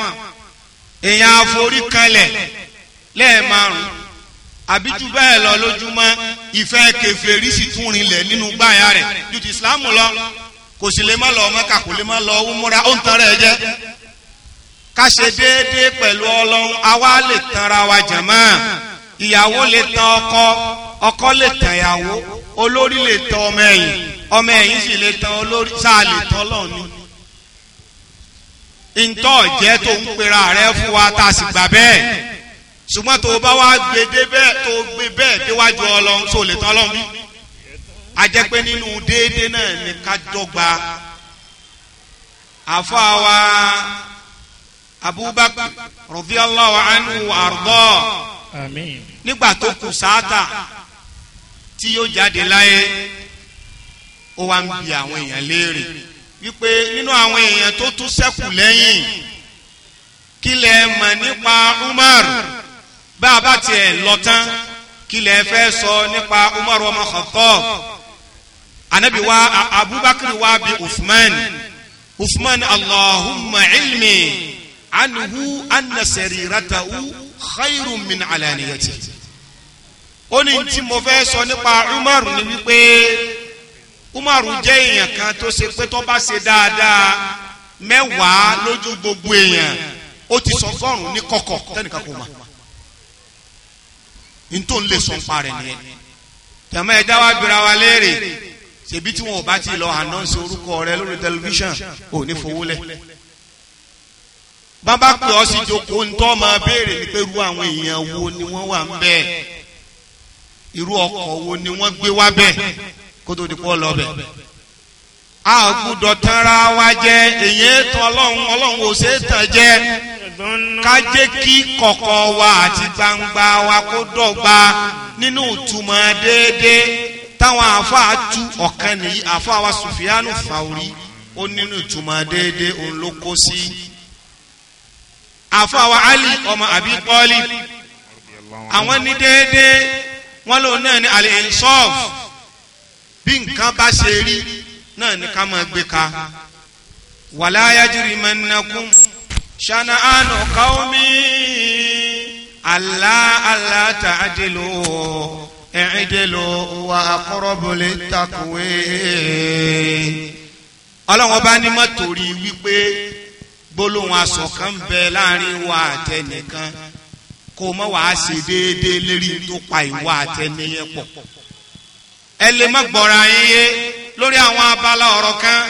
S3: èèyàn àforí kalẹ̀ lẹ́ẹ̀márùn àbí bẹ́ẹ̀ lọ lójúmọ́ ìfẹ́ kèfèrí sì tún rinlẹ̀ nínú gbáyà rẹ̀ ju ti lọ kò sì lè má lọ kò lè má lọ ó ń ìyàwó lè tan ọkọ ọkọ lè tan ìyàwó olórí lè tan ọmọ ẹ̀yìn ọmọ ẹ̀yìn sì lè tan olórí sáà lè tan Ọlọ́run ni ntọ́ jẹ́ tó ń pera rẹ fún wa tá a sì gbà bẹ́ẹ̀ ṣùgbọ́n tó o bá wá gbé dé bẹ́ẹ̀ tó o gbé bẹ́ẹ̀ déwájú Ọlọ́run tó lè tan Ọlọ́run bí a jẹ́ pé nínú déédéé náà ni ká dọ́gba àfọ́ àwa Abubakar radiyallahu anhu àrùbọ́ àmín. nígbà tó kù sáátà tí yóò jáde láyé ó wá ń bi àwọn èèyàn léèrè wípé nínú àwọn èèyàn tó tún ṣẹ́kù lẹ́yìn kí lẹ mọ̀ nípa Umar bá a bá tiẹ̀ lọ tán kí lẹ fẹ́ sọ nípa Umar ọmọ Khattab anabi wa Abubakar wa bi Uthman Uthman Allahumma ilmi anhu anna sariratahu khairu min alaniyati ó ní tí mo fẹ́ sọ nípa umaru ni wípé umaru jẹ́ èèyàn kan tó ṣe pé tó bá ṣe dáadáa mẹ́wàá lójú gbogbo èèyàn ó ti sọ fọ́ọ̀rùn ní kọ̀kọ̀ tẹ́nìkan kò mà ní tó ń lè sọ nípa rẹ̀ nìyẹn tẹ̀mọ́ ẹja wa bira wa léèrè ṣèbí tí wọn ò bá ti lọ ànánsì orúkọ rẹ lórí tẹlifíṣàn ò ní fowó lẹ̀ bàbá pè ọ́ sí jókòó ntọ́ máa béèrè ní pé irú àwọn èèyàn wo ni wọ́n wà ń bẹ̀ irú ọkọ̀ wo ni wọ́n gbé wá bẹ̀ kó tó di lọ bẹ̀ a gbúdọ̀ tanra wa jẹ èyí tán ọlọ́run ọlọ́run ò ṣe é tàn jẹ ká jẹ́ kí kọ̀kọ̀ wa àti gbangba wa kó dọ́gba nínú ìtumọ̀ déédéé táwọn àáfàá tu ọ̀kan nìyí àáfàá wa Sùfìyánù Fàwùrí ó nínú ìtumọ̀ déédéé òun ló kó sí àfọwà ali ọmọ àbí pọ́lì àwọn ní déédéé wọ́n lòun náà ní alẹ́ insof bí nǹkan bá ṣe rí náà ní ká máa gbé ka wala yajrimannakum shana'anu qaumi alla alla ta'dilu i'dilu wa aqrabu littaqwa ọlọ́wọ́n bá ní mọ́tò rí wípé gbólóhùn asọ̀ kan ń bẹ láàrin wa àtẹnìkan kó mọ́ wàá ṣe déédéé lérí tó pa ìwà àtẹnìyẹn pọ̀ ẹ lè má gbọ́ra yín yé lórí àwọn abala ọ̀rọ̀ kan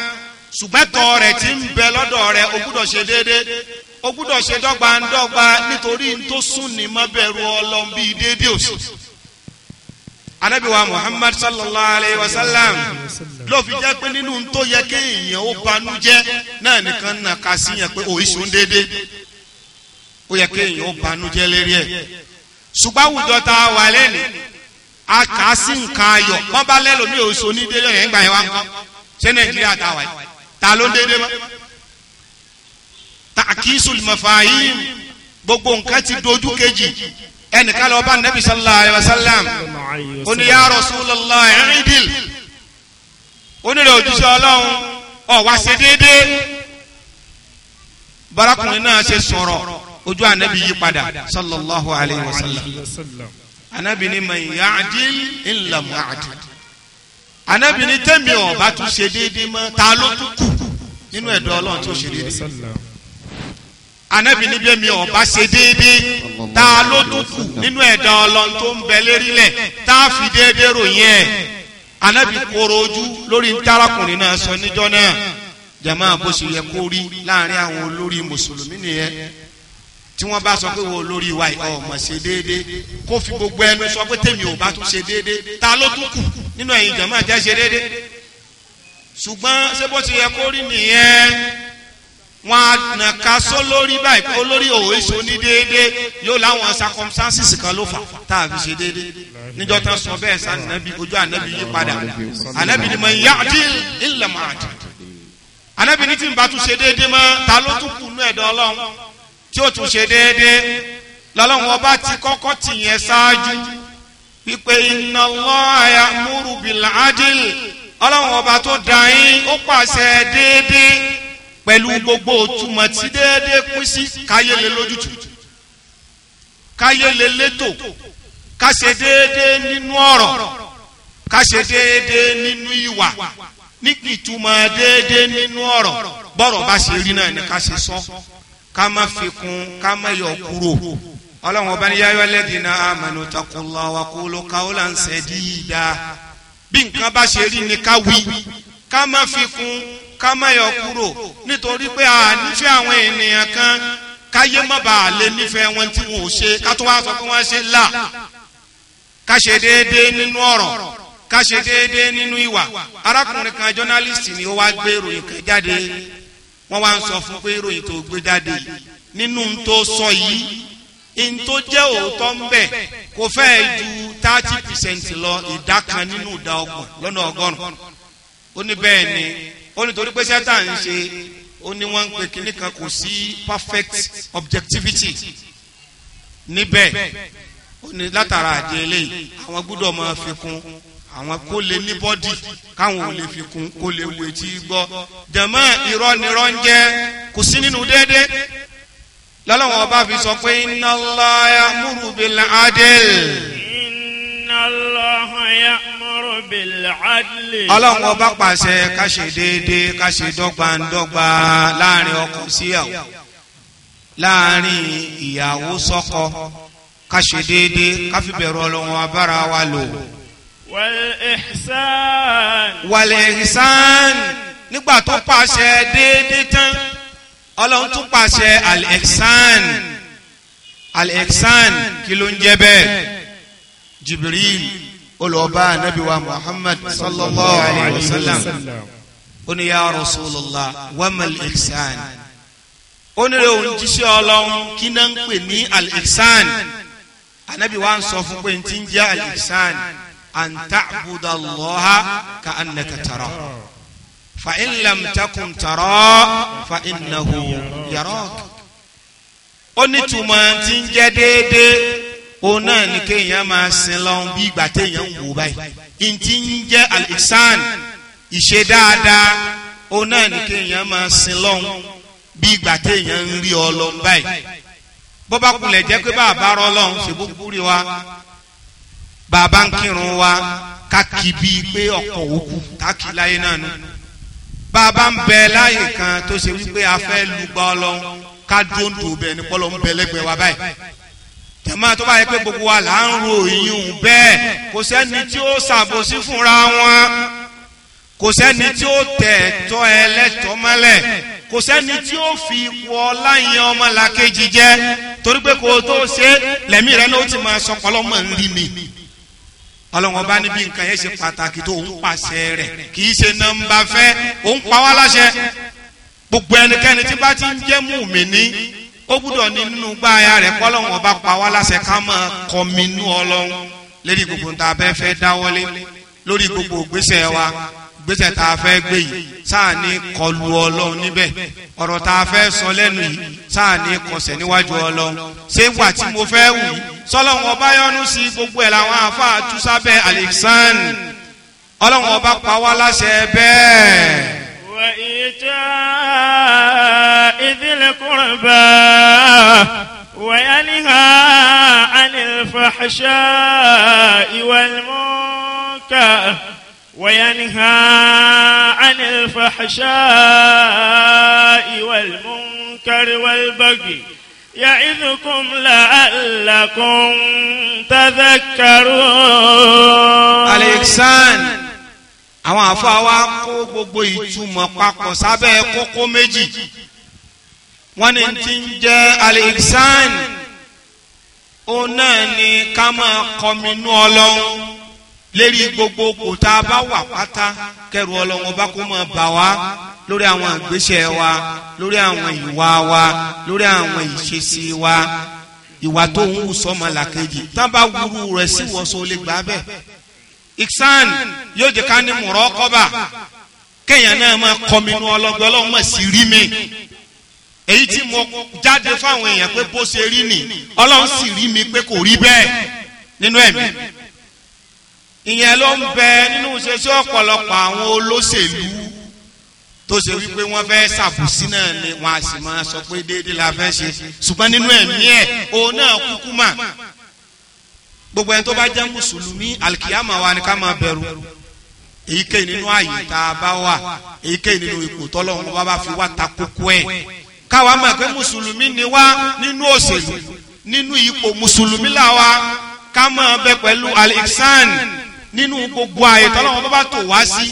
S3: ṣùgbẹ́tọ̀ rẹ̀ ti ń bẹ lọ́dọ̀ rẹ̀ o gbúdọ̀ ṣe déédéé o gbúdọ̀ ṣe dọ́gba ń dọ́gba nítorí n tó sún ní mọ́bẹ̀rù ọlọ́run bíi déédéé òsì anabi wa muhammad sallallahu alayhi wa sallam ló fi jẹ́ pé nínú tó yẹ kéèyàn ó banú jẹ́ náà nìkan nà ká sí yẹn pé òyìnbó oh, ń déédéé ó yẹ kéèyàn ó banú jẹ́ lérí ẹ̀ ṣùgbọ́n àwùjọ tá a wà lẹ́nu a kà á sí nǹkan ayọ̀ wọ́n bá lẹ́lòmí òṣò ní déédéé yẹn gbà yẹn wá kọ́ ṣé nàìjíríà tá wà yìí ta ló ń déédéé mọ́ takisul mafahim gbogbo nǹkan ti dojú kejì ẹnìkan lọ bá nẹ́bí sallallahu alayhi wa sallam ó ní ya Rasulullah ẹ̀rìndìl onírẹ̀ òjíṣẹ́ ọlọ́run ó wá ṣe déédéé bárakùnrin náà ṣe sọ̀rọ̀ ojú ànẹ́bí yí padà sallallahu alayhi wa sallam ànẹ́bí ni man ya'dil illa mu'adil ànẹ́bí ni tẹ́mi ọ̀bá tún ṣe déédéé mọ́ ta ló tún kù nínú ẹ̀dọ́ ọlọ́run tó ṣe déédéé anabi níbi mi ọba ṣe déédéé ta ló tún kù nínú ẹ̀dá ọlọ́run tó ń bẹ lérílẹ̀ tá a fi déédéé ròyìn ẹ̀ anabi kóró ojú lórí ntarakùnrin náà sọ níjọ́ náà jama bó ṣe yẹ kó rí láàrin àwọn olórí mùsùlùmí nìyẹn tí wọ́n bá sọ pé wo olórí wa ọmọ ṣe déédéé kó fi gbogbo ẹnu sọ pé tèmi ò bá tún ṣe déédéé ta ló tún kù nínú ẹ̀yin jama jẹ́ ṣe déédéé ṣùgbọ́n ṣé bó ṣe yẹ kó rí nìyẹn wọn á nà ká sọ lórí báyìí olórí òwe so ní déédéé yóò láwọn circumstances kan ló fà tá a fi ṣe déédéé níjọ tán sọ bẹ́ẹ̀ sá ànábì ojú ànábì yí padà ànábì ni mo ń yá àti ilẹ̀ mọ́ àti ànábì ní tí n bá tún ṣe déédéé mọ́ ta ló tún kùnú ẹ̀dọ́ ọlọ́run tí ó tún ṣe déédéé lọ́lọ́run ọba ti kọ́kọ́ tì yẹn ṣáájú wípé inna Allaha ya'muru bil adl ọba tó dàn yín ó pàṣẹ déédéé pẹ̀lú gbogbo òtúmọ̀ tí déédéé pín sí káyé lè lójútù káyé lè létò ká ṣe déédéé nínú ọ̀rọ̀ ká ṣe déédéé nínú ìwà nígbì túmọ̀ déédéé nínú ọ̀rọ̀ bọ́rọ̀ bá ṣe rí náà ni ká ṣe sọ ká má fi kún ká má yọ kúrò ọlọ́run ọba ní yáyọ́ lẹ́dínà àmàlù takùnlá wa kó ló ka ó là ń sẹ́ dídá bí nǹkan bá ṣe rí ni ká wí ká má fi kún kámẹ́yọ̀ kúrò nítorí pé a nífẹ̀ẹ́ àwọn ènìyàn kan káyé má bàa lè nífẹ̀ẹ́ wọn tí wọn ò ṣe ká wá sọ pé wọ́n ṣe là ká ṣe déédéé nínú ọ̀rọ̀ ká ṣe déédéé nínú ìwà arákùnrin kan jọ́nálìsì ni ó wá gbé ìròyìn kan jáde wọ́n wá ń sọ fún pé ìròyìn tó gbé jáde nínú tó sọ yìí n tó jẹ́ òótọ́ ń bẹ̀ kò fẹ́ ju thirty percent lọ ìdá kan nínú ìdá ọgbọ̀n lọ́nà ọgọ́rùn-ún ó ní bẹ́ẹ̀ ni ó ní torí pé sẹ́tà ń ṣe ó ní wọ́n ń pe kinní kan kò sí perfect objectivity níbẹ̀ ó ní látara àdé eléyìí àwọn gbọ́dọ̀ máa fi kún àwọn kó lè ní bọ́dì káwọn ò lè fi kún kó lè wù etí gbọ́ jẹ̀mọ́ irọ́ ni irọ́ ń jẹ́ kò sí nínú déédé lọ́lọ́wọ́n ọba fi sọ pé inna Allah ya'muru bil adl. inna
S1: Allah ya'muru ọlọ́run ọba pàṣẹ ká ṣe déédéé
S3: ká ṣe dọ́gbandọ́gba láàrin ọkọ síyàwó láàrin ìyàwó sọ́kọ ká ṣe déédéé ká fi bẹ̀rù ọlọ́run abára wa lò. wàlẹ̀ ìsán nígbà tó pàṣẹ déédéé tán ọlọ́run tún pàṣẹ alẹ́sán alẹ́sán kí ló ń jẹ́ bẹ́ẹ̀ Jibril olùwọ́ba anabi wa muhammad sallallahu alayhi wa sallam ó ní ya rasulullah wamal ihsan ó ní rẹ̀ òun jíṣẹ́ ọlọ́run kí náà ń pè ní al ihsan anabi wa ń sọ fún pé ti ń jẹ́ al ihsan an ta'budu allaha ka annaka tara fa in lam takun tara fa innahu yarak ó ní tùmọ̀ ti ń jẹ́ déédéé òun náà ni kéèyàn máa sin lọ́hún bí ìgbà téèyàn ń wò báyìí ntí ń jẹ́ al-ihsan ìṣe dáadáa òun náà ni kéèyàn máa sin lọ́hún bí ìgbà téèyàn ń rí Ọlọ́hun báyìí bọ́bá kulẹ̀ jẹ́ pé bàbá rọ́ lọ́hún ṣèbúkú rí wa bàbá ń kírun wa káàkiri bíi pé ọkọ̀ òkú káàkiri láyé náà nù bàbá ń bẹ láyè kan tó ṣe wípé a fẹ́ lùgbà Ọlọ́hun ká dúró ń ní pọ́lọ́ ń bẹ lẹ́gbẹ̀ẹ́ wa báyìí tẹ̀mọ́ tó bá yẹ pé gbogbo wa là ń ro ìyún bẹ́ẹ̀ kò sẹ́ni tí ó ṣàbòsí fúnra wọn kò sẹ́ni tí ó tẹ̀ ẹ̀tọ́ ẹlẹ́tọ́ mọ́lẹ̀ kò sẹ́ni tí ó fi wọ láyìn ọmọ làkejì jẹ́ torí pé kò tó ṣe lẹ́mí rẹ ló ti máa sọ pọ́lọ́mọ ń rí mi ọlọ́wọ́n bá níbi nǹkan yẹn ṣe pàtàkì tó ń pàṣẹ rẹ̀ kì í ṣe nọ́mbà fẹ́ òun pa wá láṣẹ gbogbo ẹnikẹ́ni tí bá ti ń jẹ́ mùmí ní ó gbúdọ̀ ní nínú gbáya rẹ̀ kọ́lọ́hún ọba pa wá láṣẹ ká máa kọminú ọlọ́hún lórí gbogbo tá a fẹ́ fẹ́ dáwọ́lé lórí gbogbo ìgbésẹ̀ wa ìgbésẹ̀ tá a fẹ́ gbé yìí sáà ní kọlu ọlọ́hún níbẹ̀ ọ̀rọ̀ tá a fẹ́ sọ lẹ́nu yìí sáà kọsẹ̀ níwájú ọlọ́hún ṣé wà tí mo fẹ́ wù yìí sọlọ́hún ọba yọ́nú sí gbogbo ẹ̀ làwọn àfa àtúnṣábẹ́ alexander ọlọ́hún ọba pa wá láṣẹ bẹ́ẹ̀.
S1: وإيتاء ذي القربى وينهى عن الفحشاء والمنكر وينهى عن الفحشاء والمنكر والبغي يعظكم لعلكم تذكرون الإحسان
S3: àwọn àfáà wa
S1: kó gbogbo ìtumọ̀ papọ̀ sábẹ́ kókó
S3: méjì wọ́n ní ti ń jẹ́ alexan òun náà ni ká máa kọminú ọlọ́run lérí gbogbo kò bá wà pátá kẹrù ọlọ́run ọba kó máa bà wá lórí àwọn àgbéṣe wa lórí àwọn ìwà wa lórí àwọn ìṣesí wa ìwà tó ń wù sọmọ làkejì tá a bá wúru rẹ̀ sí wọ́sọ ó gbà bẹ́ẹ̀ iksan yóò jẹ́ ká ní mùrọ́kọ́bà kéèyàn náà máa kọminú ọlọ́gbẹ́ ọlọ́run mọ̀ sí rí mi èyí tí mo jáde fáwọn èèyàn pé bó ṣe rí ni ọlọ́run sì rí mi pé kò rí bẹ́ẹ̀ nínú ẹ̀mí ìyẹn ló ń bẹ nínú ṣe sí ọ̀pọ̀lọpọ̀ àwọn olóṣèlú tó ṣe wípé wọ́n fẹ́ ṣàbùsí náà ni wọ́n á sì máa sọ pé déédéé la fẹ́ ṣe ṣùgbọ́n nínú ẹ̀mí ẹ̀ òun náà kúkú mà gbogbo ẹni tó bá jẹ́ mùsùlùmí alikiyama wa ni ká máa bẹ̀rù èyíkéyìí nínú ààyè tá a bá wà èyíkéyìí nínú ipò tọ́lọ́run bá bá fi wá ta kókó ẹ̀ káwa mọ̀ pé mùsùlùmí ni wá nínú òṣèlú nínú ipò mùsùlùmí là wá ká máa bẹ pẹ̀lú al-ihsan nínú gbogbo ààyè tọ́lọ́run bá bá tò wá sí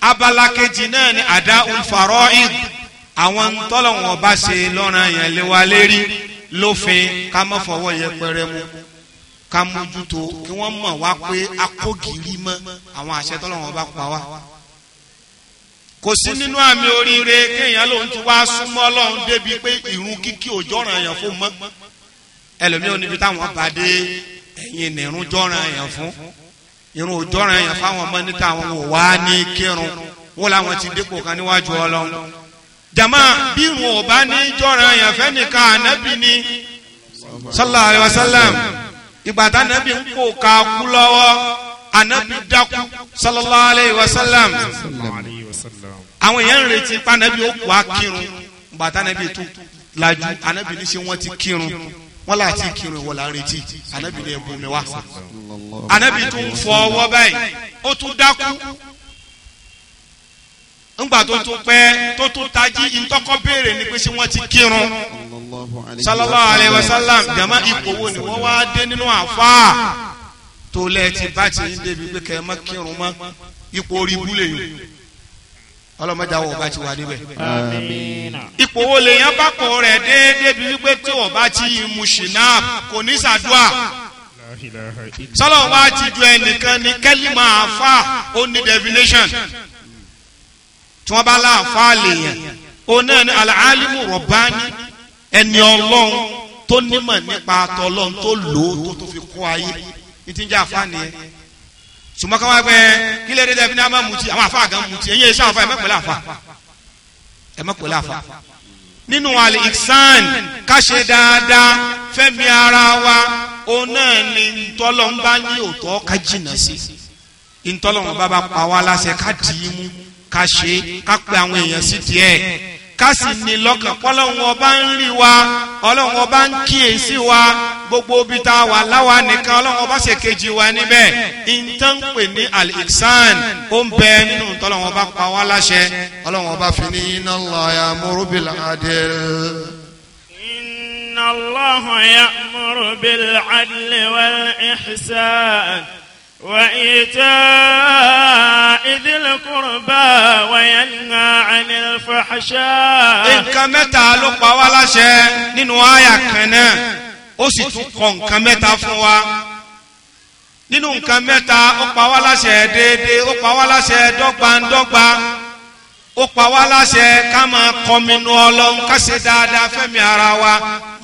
S3: abala kejì náà ni àdá olùfàrọ́ìn àwọn tọ́lọ́run bá ṣe lọ́ranyàn lé wa lérí lófin ká má fọwọ́ yẹpẹrẹ mu ká mójútó kí wọ́n mọ̀ wá pé akógiri mọ́ àwọn àṣẹ tọ́lọ́wọ́n bá pa wá
S4: kò sí nínú àmì oríire kéèyàn lòun ti wá súnmọ́ Ọlọ́run débi pé ìrun
S3: kíkí òjò ọ̀ràn èèyàn fún mọ́ ẹlòmíràn níbi táwọn bá dé ẹ̀yìn nìrún jọ́ràn èèyàn fún irun òjò ọ̀ràn èèyàn fáwọn ọmọ níta àwọn wò wá ní kírun wọn làwọn ti dépò kan níwájú Ọlọ́run
S4: jàmá bí irun ò bá ní jọ́ràn èèyàn fẹ́ nìkan ànábì
S3: ni sallallahu alaihi wasallam ìgbà tá ànábì ń kó ka kú lọ́wọ́ ànábì dákú sallallahu alayhi wa sallam àwọn èèyàn ń retí pa ànábì ó kú akírun ìgbà tá ànábì tó lajú ànábì ní ṣe wọ́n ti kírun wọ́n láti kírun ìwọ̀n là ń retí ànábì ní ẹ̀bùn mi wá ànábì tó ń fọ ọwọ́ báyìí ó tún dákú ńgbà tó tún pẹ́ tó tún tají ìtọ́kọ́ béèrè ni pé ṣé wọ́n ti kírun sallallahu alayhi wa sallam jama ipò wo ni wọ́n wá dé nínú àfa tó lẹ́ẹ̀tì bá ti ń débi pé kẹ́ ẹ má kírun mọ́ ipò orí ibúlẹ̀ yìí ọlọ́mọdé àwọn ọba ti wà níbẹ̀. ipò wo lèèyàn bá kọ rẹ̀ déédéé bí wípé tí ọba ti mú ṣìnà kò ní sàdúà sọlọ wa ti ju ẹnìkan ní kẹ́límà àfa ó ní definition tí wọ́n bá láǹfà lèèyàn ó náà ní alalimu rọ̀bánì ẹni ọlọ́run tó nímọ̀ nípa àtọ̀lọ́run tó lò ó tó tó fi kọ́ ayé ní ti ń jẹ́ àfáàní ẹ̀ ṣùgbọ́n káwá pẹ́ kí lè dé dẹ́bi ní àmọ́ mutí àwọn àfáà gan mutí ẹ̀yin iṣẹ́ àfáà ẹ̀ mẹ́pẹ̀lẹ́ àfáà ẹ̀ mẹ́pẹ̀lẹ́ àfáà nínú àlè ìsàn káṣe dáadáa fẹ́mi ara wa òun náà ni ntọ́lọ́ ń bá ní òótọ́ ká jìnnà sí ntọ́lọ́ wọn bá bá pa wá láṣẹ ká dì í mú ká ṣe ká pe àwọn èèyàn sí tiẹ̀ kásì ní lọ́kàn pọ́lọ́hún ọba ń rí wa ọlọ́hún ọba ń kíyèsí wa gbogbo ibi tá a wà láwa nìkan ọlọ́hún ọba ṣèkejì wa níbẹ̀ ìtànpè ní al-ihsan ó ń bẹ nínú tọ́lọ́hún ọba pa wá láṣẹ ọlọ́hún ọba fi ní inna
S2: Allah ya'muru bil 'adl.
S1: inna Allah ya'muru bil 'adli wal ihsan. وإيتاء ذي القربى وينهى عن الفحشاء nǹkan mẹ́ta ló pa wá láṣẹ nínú àyà kan náà
S3: ó sì tún kọ nǹkan mẹ́ta fún wa nínú nǹkan mẹ́ta ó pa wá láṣẹ déédéé ó pa wá láṣẹ dọ́gbandọ́gba ó pa wá láṣẹ ká máa kọminú ọlọ́run ká ṣe dáadáa fẹ́mi ara wa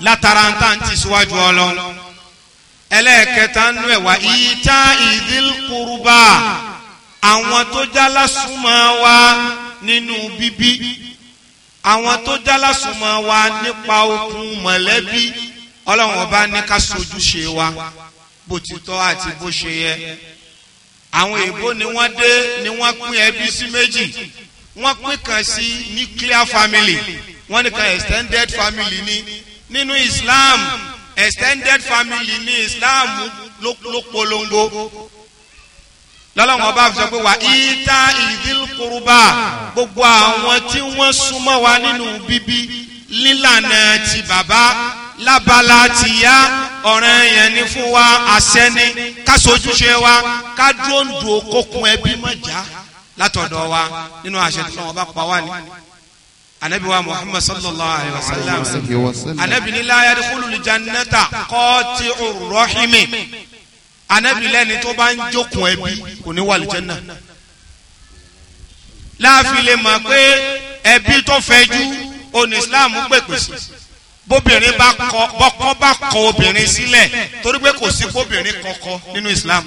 S3: látara ń tà ń tì síwájú ọlọ́run ẹlẹ́ẹ̀kẹta nú ẹ̀ wá ìta ìdílkùrúbà àwọn tó jálásùmọ̀ wa nínú bíbí àwọn tó jálásùmọ̀ wa nípa okùn mọ̀lẹ́bí ọlọ́run ọba ní ká sojúṣe wa bó ti tọ́ àti bó ṣe yẹ àwọn èèbó ni wọ́n dé ni wọ́n pín ẹbí sí méjì wọ́n pín kan sí nuclear family wọ́n ní kan extended family ní nínú Islam extended family ní islam ló polongo lọ́lọ́wọ́n bá sọ pé wà íta ìdílkùrúbà gbogbo àwọn tí wọ́n súnmọ́ wa nínú bíbí lílànà ti bàbá lábala ti yá ọ̀ràn yẹn ni fún wa àṣẹ ni ká sojúṣe wa ká dúró ń dùn okokun ẹbí mọ̀já látọ̀dọ̀ wa nínú àṣẹ tí wọ́n bá pa wá ni anabi wa muhammad sallallahu alaihi
S2: wa sallam anabi
S3: ni la yadkhulul jannata qati'ur rahimi anabi lẹ́ni tó bá ń jókun ẹbí kò ní wàlú jẹ́nà láàfin lè mọ̀ pé ẹbí tó fẹjú oní islam pèpè bóbìnrin bá kọ bọ́kọ́ bá kọ obìnrin sílẹ̀ torí pé kò sí bóbìnrin kọkọ nínú islam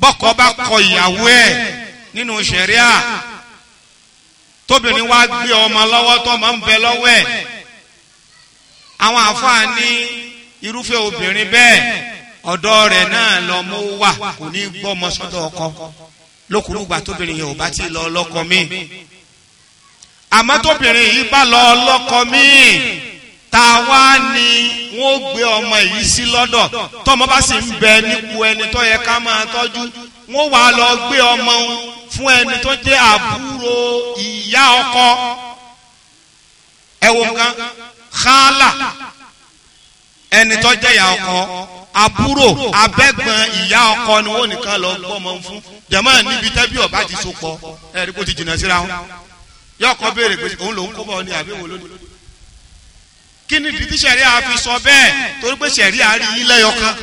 S3: bọ́kọ́ bá kọ ìyàwó ẹ̀ nínú ṣẹ̀ríà tóbìnrin wá gbé ọmọ lọ́wọ́ tó máa ń bẹ lọ́wọ́ ẹ̀ àwọn àfáà ní irúfẹ́ obìnrin bẹ́ẹ̀ ọ̀dọ́ rẹ̀ náà lọ́mọ wà kò ní gbọ́mọ sọ́dọ̀ ọkọ lókùrúgba tóbìnrin yẹn ò bá ti lọ ọlọ́kọ míì àmọ́ tóbìnrin yìí bá lọ ọlọ́kọ míì ta wá ni wọ́n gbé ọmọ yìí sí lọ́dọ̀ tọ́mọ bá sì ń bẹ nípò ẹni tó yẹ ká máa tọ́jú wọ́n wà lọ gbé ọmọ fún ẹni tó jẹ́ àbúrò ìyá ọkọ ẹ wo nǹkan xaala ẹni tó jẹ́ ìyá ọkọ àbúrò abẹ́gbọ̀n ìyá ọkọ ni wọ́n nìkan lọ gbọ́ ọmọ fún jẹ̀mọ́ níbi tẹ́bí ọba ti so pọ̀ ẹ̀rí kó ti jìnnà síra wọn yóò kọ́ béèrè pé òun lòún kó bọ̀ ni àbí wo lónìí kí ni ìdí tí sẹ̀ríà fi sọ bẹ́ẹ̀ torí pé sẹ̀ríà rí yín lẹ́yọ̀kan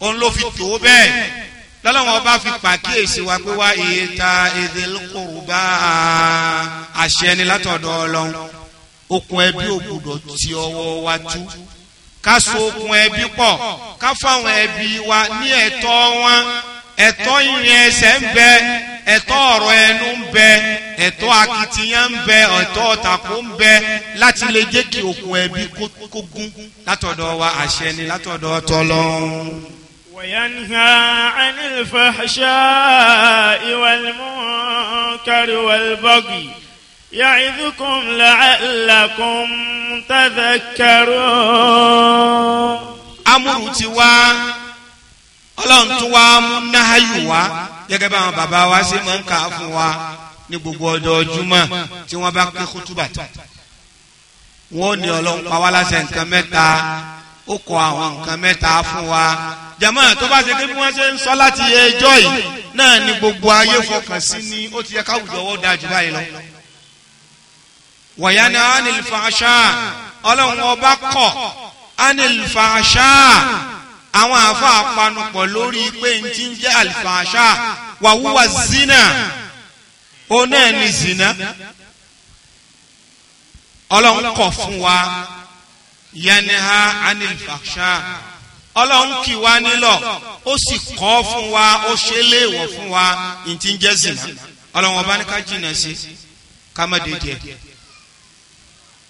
S3: òun ló fi tó bẹ́ẹ̀ lọ́lọ́wọ́n bá fi pàkíyèsí wa pé wá iye ta idhil qurba àṣẹ ni látọ̀dọ̀ ọlọ́run okùn ẹbí ò gbọ́dọ̀ ti ọwọ́ wa tú ká so okùn ẹbí pọ̀ ká fáwọn ẹbí wa ní ẹ̀tọ́ wọn ẹ̀tọ́ ìrìn ẹsẹ̀ ń bẹ ẹ̀tọ́ ọ̀rọ̀ ẹnu ń bẹ ẹ̀tọ́ akitiyan ń bẹ ẹ̀tọ́ ọ̀tàkó ń bẹ láti lè jẹ́ kí okùn ẹbí kó gún látọ̀dọ̀ wa àṣẹ ni látọ̀dọ̀ tọ́lọ́run.
S1: وينهى عن الفحشاء والمنكر والبغي يعظكم لعلكم تذكرون amúrù ti wá ọlọ́run tún wá mú
S3: náhàyù wá gẹ́gẹ́ bá àwọn bàbá wa ṣe máa ń kà á fún wa ní gbogbo ọjọ́ tí wọ́n bá pé kútúbà tán wọ́n ní ọlọ́run pa wá láṣẹ nǹkan mẹ́ta ó kọ àwọn nǹkan mẹ́ta fún wa jama tó bá ṣe pé bí wọ́n ṣe ń sọ láti ẹjọ́ yìí náà ni gbogbo ayé fọkàn sí ni ó ti yẹ káwùjọ ọwọ́ da jù báyìí lọ. wọ̀yánà anil fàṣà ọlọ́run ọba kọ̀ anil fàṣà àwọn àfa àpanupọ̀ lórí pé n ti ń jẹ́ alfàṣà wàhùwà zina ó náà ni zina
S1: ọlọ́run kọ̀ fún wa.
S3: Yanaha anil fahsha ọlọ́run kì wá nílọ̀ ó sì kọ́ fún wa ó ṣe léèwọ̀ fún wa ìtì ń jẹ́ zina ọlọ́run ọba ní ká jìnnà sí ká má dédé ẹ̀.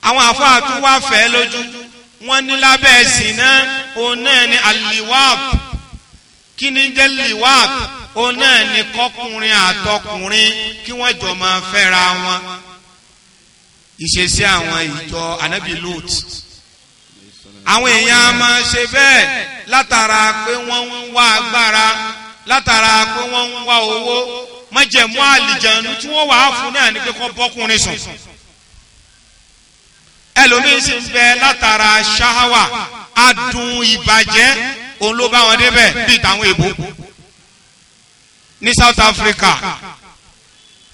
S3: àwọn àfáà tún wá lójú wọ́n ní lábẹ́ zina òun náà ni aliwab kí ni jẹ́ liwab òun náà ni kọkùnrin àtọkùnrin kí wọ́n jọ máa fẹ́ra wọn ìṣesí àwọn ìjọ anabi Lut àwọn èèyàn a máa ṣe bẹ́ẹ̀ látara pé wọ́n ń wá agbára látara pé wọ́n ń wá owó májẹ̀mú àlìjànú tí wọ́n wàá fún náà ni pé kọ́ bọ́kùnrin sùn ẹlòmíín sì ń bẹ látara ṣáháwà adùn ìbàjẹ́ òun ló bá wọn débẹ̀ bíi tàwọn èbó ní South Africa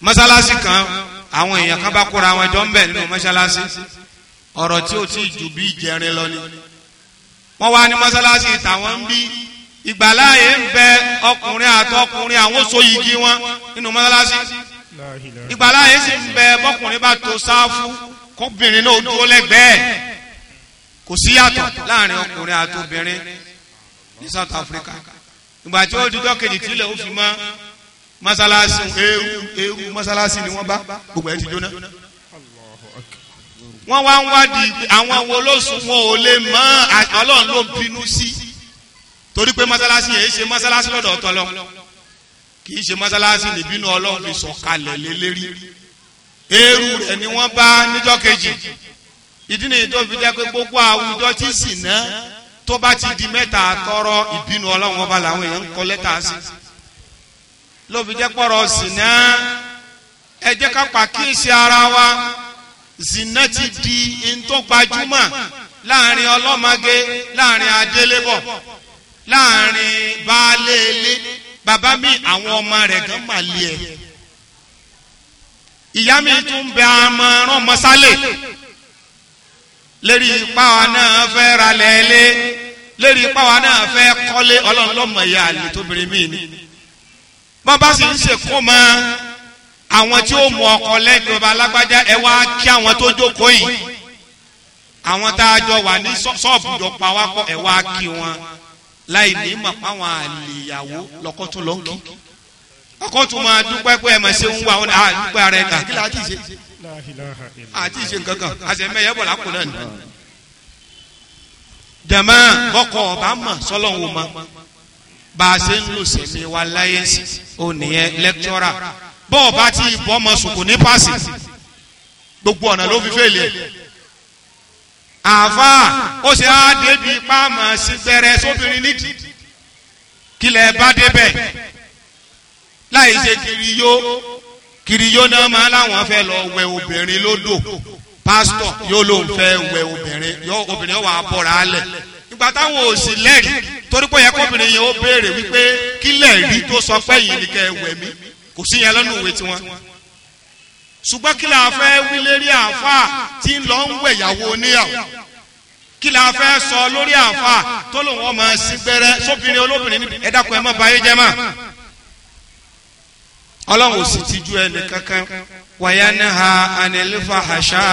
S3: mọ́sálásí kan àwọn èèyàn kan bá kóra wọn jọ ń bẹ̀ nínú mọ́sálásí ọ̀rọ̀ tí ó ti jù bí ìjẹrin lọ ni wọ́n wá ní mọ́sálásí tàwọn ń bí ìgbàláyé ń bẹ ọkùnrin àtọkùnrin àwọn so igi wọn nínú mọ́sálásí ìgbàláyé sì ń bẹ bọ́kùnrin bá tó sáfù kóbìnrin náà dúró lẹ́gbẹ̀ẹ́ kò sí yàtọ̀ láàrin ọkùnrin àtobìnrin ní South Africa ìgbà tí ó dúdọ́ kejì tílẹ̀ ó fi mọ́ mọ́sálásí ewu ewu mọ́sálásí ni wọ́n bá gbogbo ẹ̀ ti jóná wọ́n wá ń wádìí àwọn wo ló sùn wọn ò lè mọ ọlọ́run ló ń bínú sí torí pé mọ́sálásí yẹn ṣe mọ́sálásí lọ́dọ̀ ọ̀tọ́lọ́ kì í ṣe mọ́sálásí nìbínú ọlọ́run fi sọ̀kalẹ̀ lélẹ́rí eérú rẹ̀ ni wọ́n bá níjọ́ kejì ìdí nìyí tó fi jẹ́ pé gbogbo àwùjọ tí sì ná tó bá ti di mẹ́ta tọrọ ìbínú ọlọ́run ọba làwọn èèyàn ń kọ lẹ́tà sí ló fi jẹ́ pọ̀rọ̀ sì ná ẹ ká pàkíyèsí ara wa zina ti di ntọ́ gbajúmọ̀ láàrin ọlọ́mọge láàrin adélébọ̀
S4: láàrin baálé ilé
S3: bàbá mi àwọn ọmọ rẹ̀ gan mà lé ẹ̀ ìyá mi tún bẹ amọ̀ràn mọ́sálẹ̀ lérí pàwọn náà fẹ́ ralẹ̀ ilé lérí pàwọn náà fẹ́ kọ́lé ọlọ́run lọ́mọ ìyá mi ni bọ́n sì ń ṣèkó mọ́ àwọn tí ó mú ọkọ lẹ́nu ọba alágbájá ẹ wá kí àwọn tó jókòó yìí àwọn tá a jọ wà ní ṣọ́ọ̀bù jọ pa wá pọ̀ ẹ wá kí wọn láì ní mọ̀ páwọn àlèyàwó lọ́kọ́ tún lọ́ kí ọkọ tún máa dúpẹ́ pé ẹ mọ̀ ṣe ń wà ó ní àdúpẹ́ ah, ara ẹ̀ kà àti ìṣe nǹkan kan àtẹ̀mẹ́yẹ bọ̀ lápò náà nìkan dẹ̀mọ́ bọ́kọ̀ ọ̀bá mọ̀ sọ́lọ́hún mọ́ bá a ṣe ń lò sẹ́mi wa láyé sí òun bọ́ọ̀ bá ti ìbọn ọmọ sùkùn ní pàṣẹ gbogbo ọ̀nà ló fi fèlè àfa ó ṣe á débi ipá mọ̀ sí gbẹrẹ sóbìnrin nídìí kílẹ̀ bá débẹ̀ láì ṣe kiriyó kiriyó náà máa láwọn fẹ́ lọ wẹ obìnrin lódò pásítọ̀ yóò ló ń fẹ́ wẹ obìnrin yóò obìnrin yóò wà á bọ̀rọ̀ alẹ̀ nígbà táwọn ò lẹ́rìí torí pé yẹ kóbìnrin yẹn ó béèrè wípé kílẹ̀ rí tó sọ pé yìí ni kẹ́ ẹ wẹ̀ mí kò sí yẹn lọ́nà òwe tiwọn ṣùgbọ́n kí la fẹ́ wí lérí àáfàá tí ń lọ ń wẹ̀yàwó oníyàwó kí la fẹ́ sọ lórí àáfàá tó lòun ọmọ sí gbẹrẹ sóbìnrin olóbìnrin níbi ẹ dákun ẹ mọ báyé jẹ mọ ọlọ́run ò sì ti ẹnì kankan wàyánnáha anilifa àṣà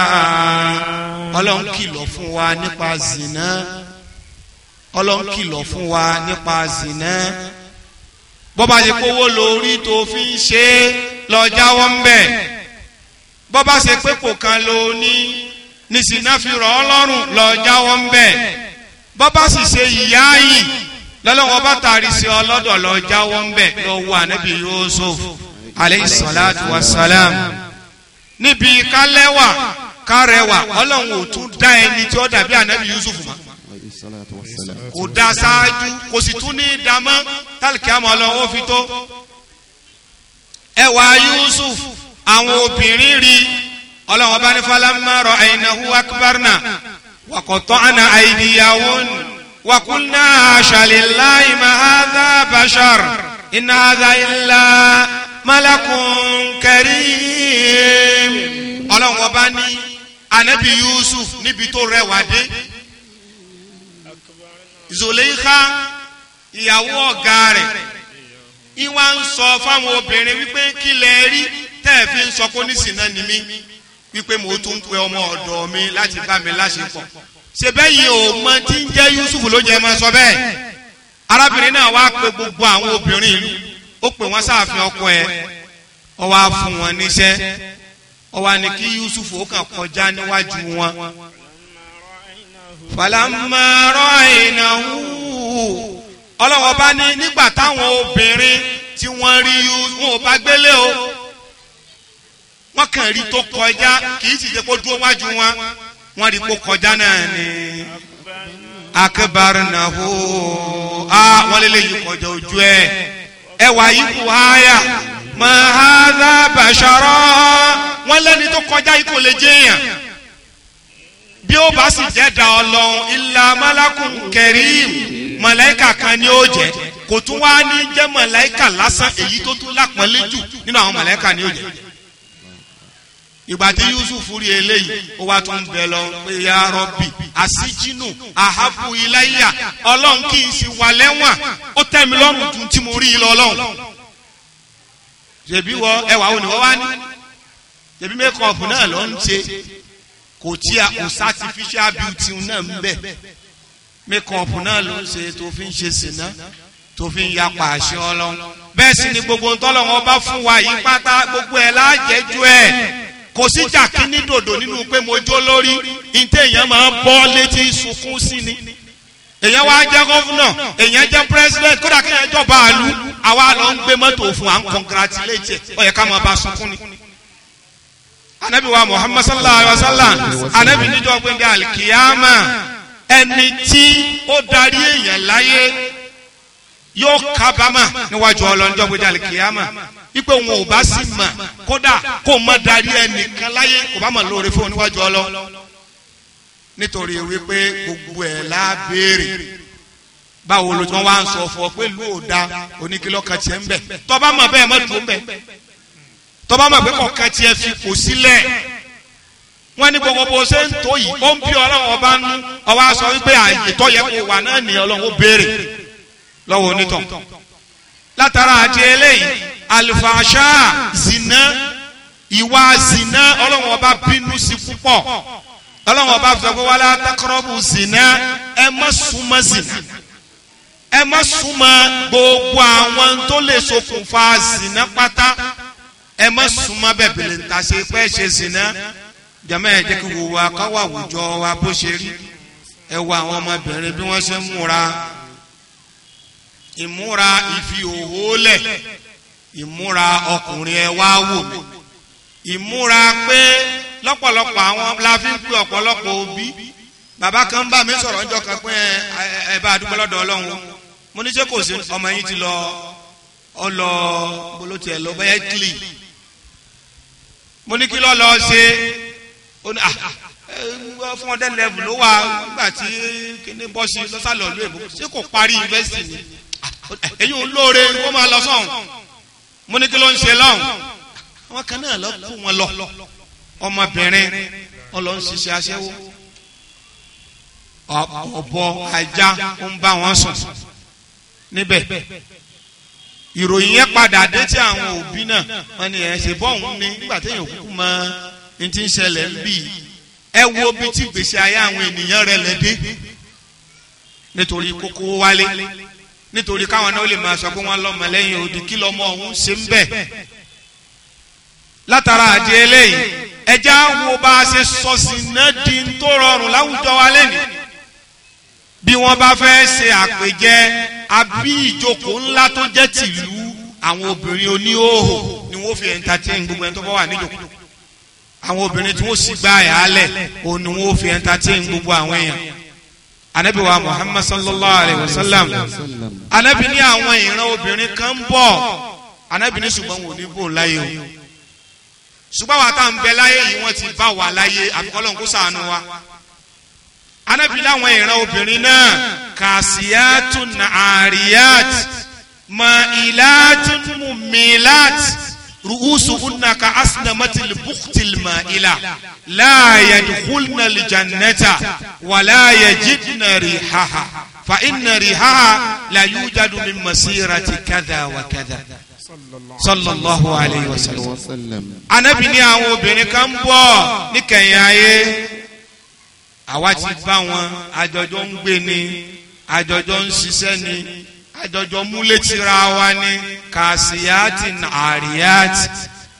S3: ọlọ́run kìlọ̀ fún wa nípa zina ọlọ́run kìlọ̀ fún wa nípa zina bọ́ba ṣe kówó lórí tó fi ń ṣe é lọ jáwọ́ ń bẹ̀ bọ́ba ṣe pé kò kan ló ní nísìnyá fi rọ̀ ọ́ lọ́rùn lọ jáwọ́ ń bẹ̀ bọ́ba sì ṣe ìyá yìí lọ́lọ́wọ́ bá tàrí sí ọ lọ́dọ̀ lọ jáwọ́ ń bẹ̀ lọ wo ànábì Yusuf alayhi salatu wa salam níbi kálẹ́wà kárẹwà ọlọ́run ò tún dá ẹni tí ó dàbí ànábì Yusuf mọ́ kò da ṣáájú kò sì tún ní ìdámọ́ tálíkì àmọ́ ọlọ́run ó fi tó ẹwà Yusuf àwọn obìnrin rí ọlọ́run ọba ní falamma ra'aynahu akbarna wa qata'na aydiyahun wa qulna hasha lillahi ma hadha bashar in hadha illa malakun karim ọlọ́run ọba ní anabi Yusuf níbi tó rẹwà dé. Zuleikha ìyàwó ọ̀gá rẹ̀ ìwà ń sọ fáwọn obìnrin wípé kí lẹ rí tẹ́ ẹ fi ń sọ pé oníṣìná ni mí wípé mo tún pe ọmọ ọ̀dọ̀ mi láti bá mi láṣepọ̀ ṣe bẹ́ẹ̀ yìí ò mọ tí ń jẹ́ Yusuf ló jẹ́ máa sọ bẹ́ẹ̀ arábìnrin náà wá pe gbogbo àwọn obìnrin ìlú ó pè wọ́n sáàfin ọkọ ẹ̀ ó wá fún wọn níṣẹ́ ó wá ní kí Yusuf ó kàn kọjá níwájú wọn falamma ra'aynahu ọlọ́wọ́ bá ní nígbà táwọn obìnrin tí wọ́n rí yú wọn ò bá gbélé o wọ́n kàn rí tó kọjá kì í sì jẹ́ kó dúró wájú wọn wọ́n rí kó kọjá náà ni akbarnahu a wọ́n lé léyìn kọjá ojú ẹ̀
S1: ẹwà ikú háyà
S3: ma hadha bashara wọ́n lẹ́ni tó kọjá ikú lè jẹ́yàn bí ó bá sì jẹ́ da ọlọ́run ilà malakun kẹrìm màláíkà kan ni ó jẹ́ kò tún wá ní jẹ́ màláíkà lásán èyí tó tún lápọ́nlé jù nínú àwọn màláíkà ni ó jẹ́ ìgbà tí Yusuf rí eléyìí ó wá tún bẹ lọ pé ya rọbì àsíjínù àhábù iláyà ọlọ́run kì í sì wà lẹ́wọ̀n ó tẹ́ lọ́rùn dùn tí mo rí lọ lọ́hùn ṣèbí wọ ẹwà òní wọ́n wá ní ṣèbí mẹ́kọ̀ọ̀pù náà ló ń ṣe kò tí a kò artificial beauty náà ń bẹ
S4: makeup náà ló ń ṣe tó fi ń ṣe sìnà tó fi ń yapa àṣẹ ọlọ́run
S3: bẹ́ẹ̀ sì ni gbogbo ntọ́lọ́wọ́n bá fún wa yìí pátá gbogbo ẹ̀ láàjẹjú ẹ̀ kò sí jàkí ní dòdò nínú pé mo jó lórí ntẹ èèyàn máa ń bọ́ létí sunkún sí ni èèyàn wá jẹ́ gọ́fúnà èèyàn jẹ́ president kódà kí èèyàn jọba àlú àwa lọ ń gbé mọ́tò fún à ń congratulate ẹ̀ máa bá sunkún ni anabi wa muhammad sallallahu alaihi wa sallam anabi níjọ́ gbẹngẹ alikiyama ẹni tí ó darí èèyàn láyé yóò kábàámà níwájú ọlọ́njọ́ gbẹngẹ alikiyama ipe òun ò bá sì mà kódà kó má darí ẹnìkan láyé kò bá mà lóore fún níwájú ọlọ́ nítorí wípé gbogbo ẹ̀ lábẹ́rẹ́ báwo ló tí wọ́n wá ń sọ fún ọ pé lóòda oníkìlọ́ kan tiẹ̀ ń bẹ̀ tọ́ bá mọ̀ bẹ́ẹ̀ mọ̀ ń bẹ̀ tọ́ba mọ̀ pé kọ̀ọ̀kan tiẹ̀ fi kò sílẹ̀ wọ́n ní gbogbo bó ṣe ń tó yìí ó ń bí ọlọ́run ọba ń ọwọ́ aṣọ wípé àìtọ́ yẹ kó wà náà ní ọlọ́run béèrè lọ́wọ́ onítọ̀ látara àti eléyìí alifasha zina ìwà zina ọlọ́run ọba bínú sí púpọ̀ ọlọ́run ọba sọ pé wala taqrabu zina ẹ má súnmọ́ zina ẹ má súnmọ́ gbogbo àwọn tó lè ṣokùnfà zina pátá ẹ má súnmọ́ bẹ́ẹ̀ bèlè ń ta ṣe pẹ́ ṣe zina jàmọ́ ẹ̀ jẹ́ kí wò wá káwá àwùjọ wa bó ṣe rí ẹ wo àwọn ọmọbìnrin bí wọ́n ṣe ń múra ìmúra ìfi òwò lẹ̀ ìmúra ọkùnrin ẹ wá wò mí ìmúra pé lọ́pọ̀lọpọ̀ àwọn la fi ń pè ọ̀pọ̀lọpọ̀ òbí bàbá kan bá mi sọ̀rọ̀ ọjọ́ kan pé ẹ bá a dúpẹ́ lọ́dọ̀ ọlọ́run mo ní ṣé kò sí ọmọ yín ti lọ ọ lọ bolo tiẹ̀ lọ bẹ́ẹ̀ kílì mo ní kí lọ́ lọ ṣe ó ní ah, eh, fún ọdẹ lẹ́bù ló wà nígbà tí kíní bọ́ sí lọ́sàlọ́ ìlú èbó ṣé kò parí yunifásitì ni ah, èyí ò lóore kó máa lọ sọ́hún mo ní kí ló ń ṣe lọ́hún
S4: àwọn kan náà lọ kó wọn
S3: lọ ọmọbìnrin ọlọ ń ṣiṣẹ́ aṣẹ́wó ọ̀bọ ajá ń bá wọn sùn níbẹ̀
S4: ìròyìn yẹn padà dé tí àwọn òbí náà
S3: wọ́n ní ẹ̀ ṣe bọ́ọ̀hún ni nígbà téèyàn kúkú mọ ní ti ń ṣẹlẹ̀ ń bì ẹ wo bí tí gbèsè ayé àwọn ènìyàn rẹ̀ lẹ́ dé nítorí kókó wálé nítorí káwọn náà lè máa sọ pé wọ́n lọ́mọ lẹ́yìn odi kí lọ́mọ ọ̀hún ṣe ń bẹ̀ látara àdìẹ lẹ́yìn ẹja wo bá a ṣe sọ sí náà di tó rọrùn láwùjọ wa lẹ́nìí bí wọ́n bá fẹ́ ṣe àpèjẹ àbí ìjókòó ńlá tó jẹ́ tìlú àwọn obìnrin oníhòòhò ni wọ́n fi entertain gbogbo ẹni tó bá wà níjókòó àwọn obìnrin tí wọ́n sì gba àyàlẹ̀ òun ni wọ́n fi entertain gbogbo àwọn èèyàn anabi muhammad sallallahu alayhi wa sallam anabi ní àwọn ìran obìnrin kan ń bọ̀ anabi ní ṣùgbọ́n wò ní bò láyé o ṣùgbọ́n wa tá ń bẹ láyé yìí wọ́n ti bá wa láyé àbíkọ́lọ́ anábì láwọn ìran obìnrin náà kàṣíyàtún àríyàt màìlàtún mùmìlàt rùúsù unnaka asnamatil buktil ma'ila láàyè dùkúlnà lìjànẹ́ta wà láàyè jìdnà rìhàhà fa inna rìhàhà la yújàdù mi masírati kàdà wà kàdà sallallahu alayhi wa
S2: sallam. anábì ní àwọn obìnrin kan bọ̀ níkẹyìn
S3: ayé. àwa ti bá wọn àjọjọ ń gbé ni àjọjọ ń ṣiṣẹ́ ni àjọjọ múlẹ̀ tira wa ni kàṣíyàtì àríyàtì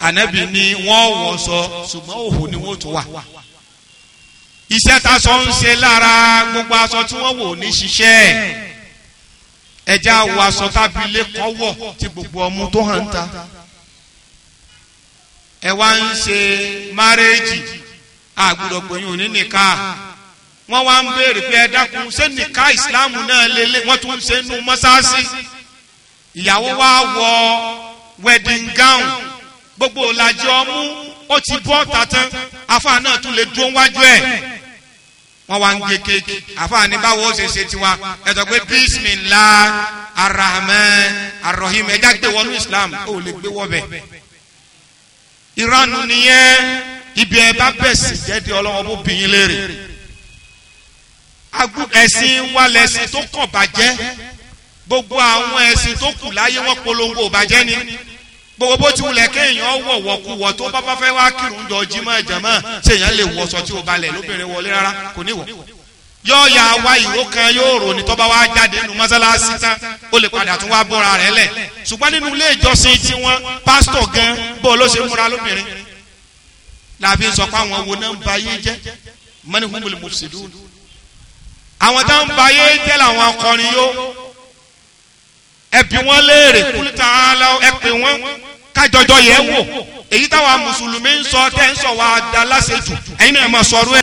S3: ànábì ni wọ́n wọ̀ sọ ṣùgbọ́n òhò ni wọ́n tó wà iṣẹ́ ta sọ ń ṣe lára gbogbo aṣọ tí wọ́n wò ní ṣiṣẹ́ ẹja wo aṣọ tábìlẹ̀ kọ́ wọ̀ tí gbogbo ọmú tó hàn ta ẹ wá ń ṣe márẹ́jì àgbùdọ̀gbẹ̀yìn òní nìkan wọ́n wá ń béèrè pé ẹ dákun ṣé nìka ìsìláàmù náà lélẹ̀ wọ́n tún ṣe nù mọ́sáàsì ìyàwó wa wọ wedding gown gbogbo òlàjì ọmú ó ti bọ́ tàtán afa náà tún lè dúró wájú ẹ̀ wọ́n wá ń gé kéèkì afa ní báwo ó ṣe ṣe tiwa ẹ pé bismillah arahman arahim ẹja gbé wọnú islam ó lè gbé wọbẹ ìranu nìyẹn ibi ẹ bá bẹ̀ sí jẹ́ di ọlọ́wọ́ bó bìyín ẹ̀sìn wa lẹ̀sìn tó kàn bàjẹ́ gbogbo àwọn ẹ̀sìn tó kù láyé wọ́n polongo bàjẹ́ ni gbogbo bó ti wulẹ̀ kéèyàn wọ̀wọ̀ kú wọ̀ tó bá bá fẹ́ wá kírun jọ jimá jama ṣèyàn lè wọṣọ tí o balẹ̀ lóbìnrin wọlé rárá kò ní wọ̀ yóò yà wá ìró kan yóò rò ní tọ́ba wá jáde nínú mọ́sálásí tán ó lè padà tún wá bọ́ra rẹ̀ lẹ̀ ṣùgbọ́n nínú ilé ìjọsìn tiwọn pásítọ̀ gan bó ló ṣe múra lóbìnrin làbí sọ pé àwọn wo náà ń ba yé jẹ́ mọ́nìkúnbùlì àwọn tá ń ba yé jẹ́ làwọn akọrin yó ẹbí wọn léèrè kúlítà
S4: ẹpè wọn kájọjọ yẹ wò èyí táwa mùsùlùmí ń sọ tẹ́ ń sọ wa da láṣẹ jù ẹ̀yin náà ẹ̀ máa sọ ọdún ẹ̀.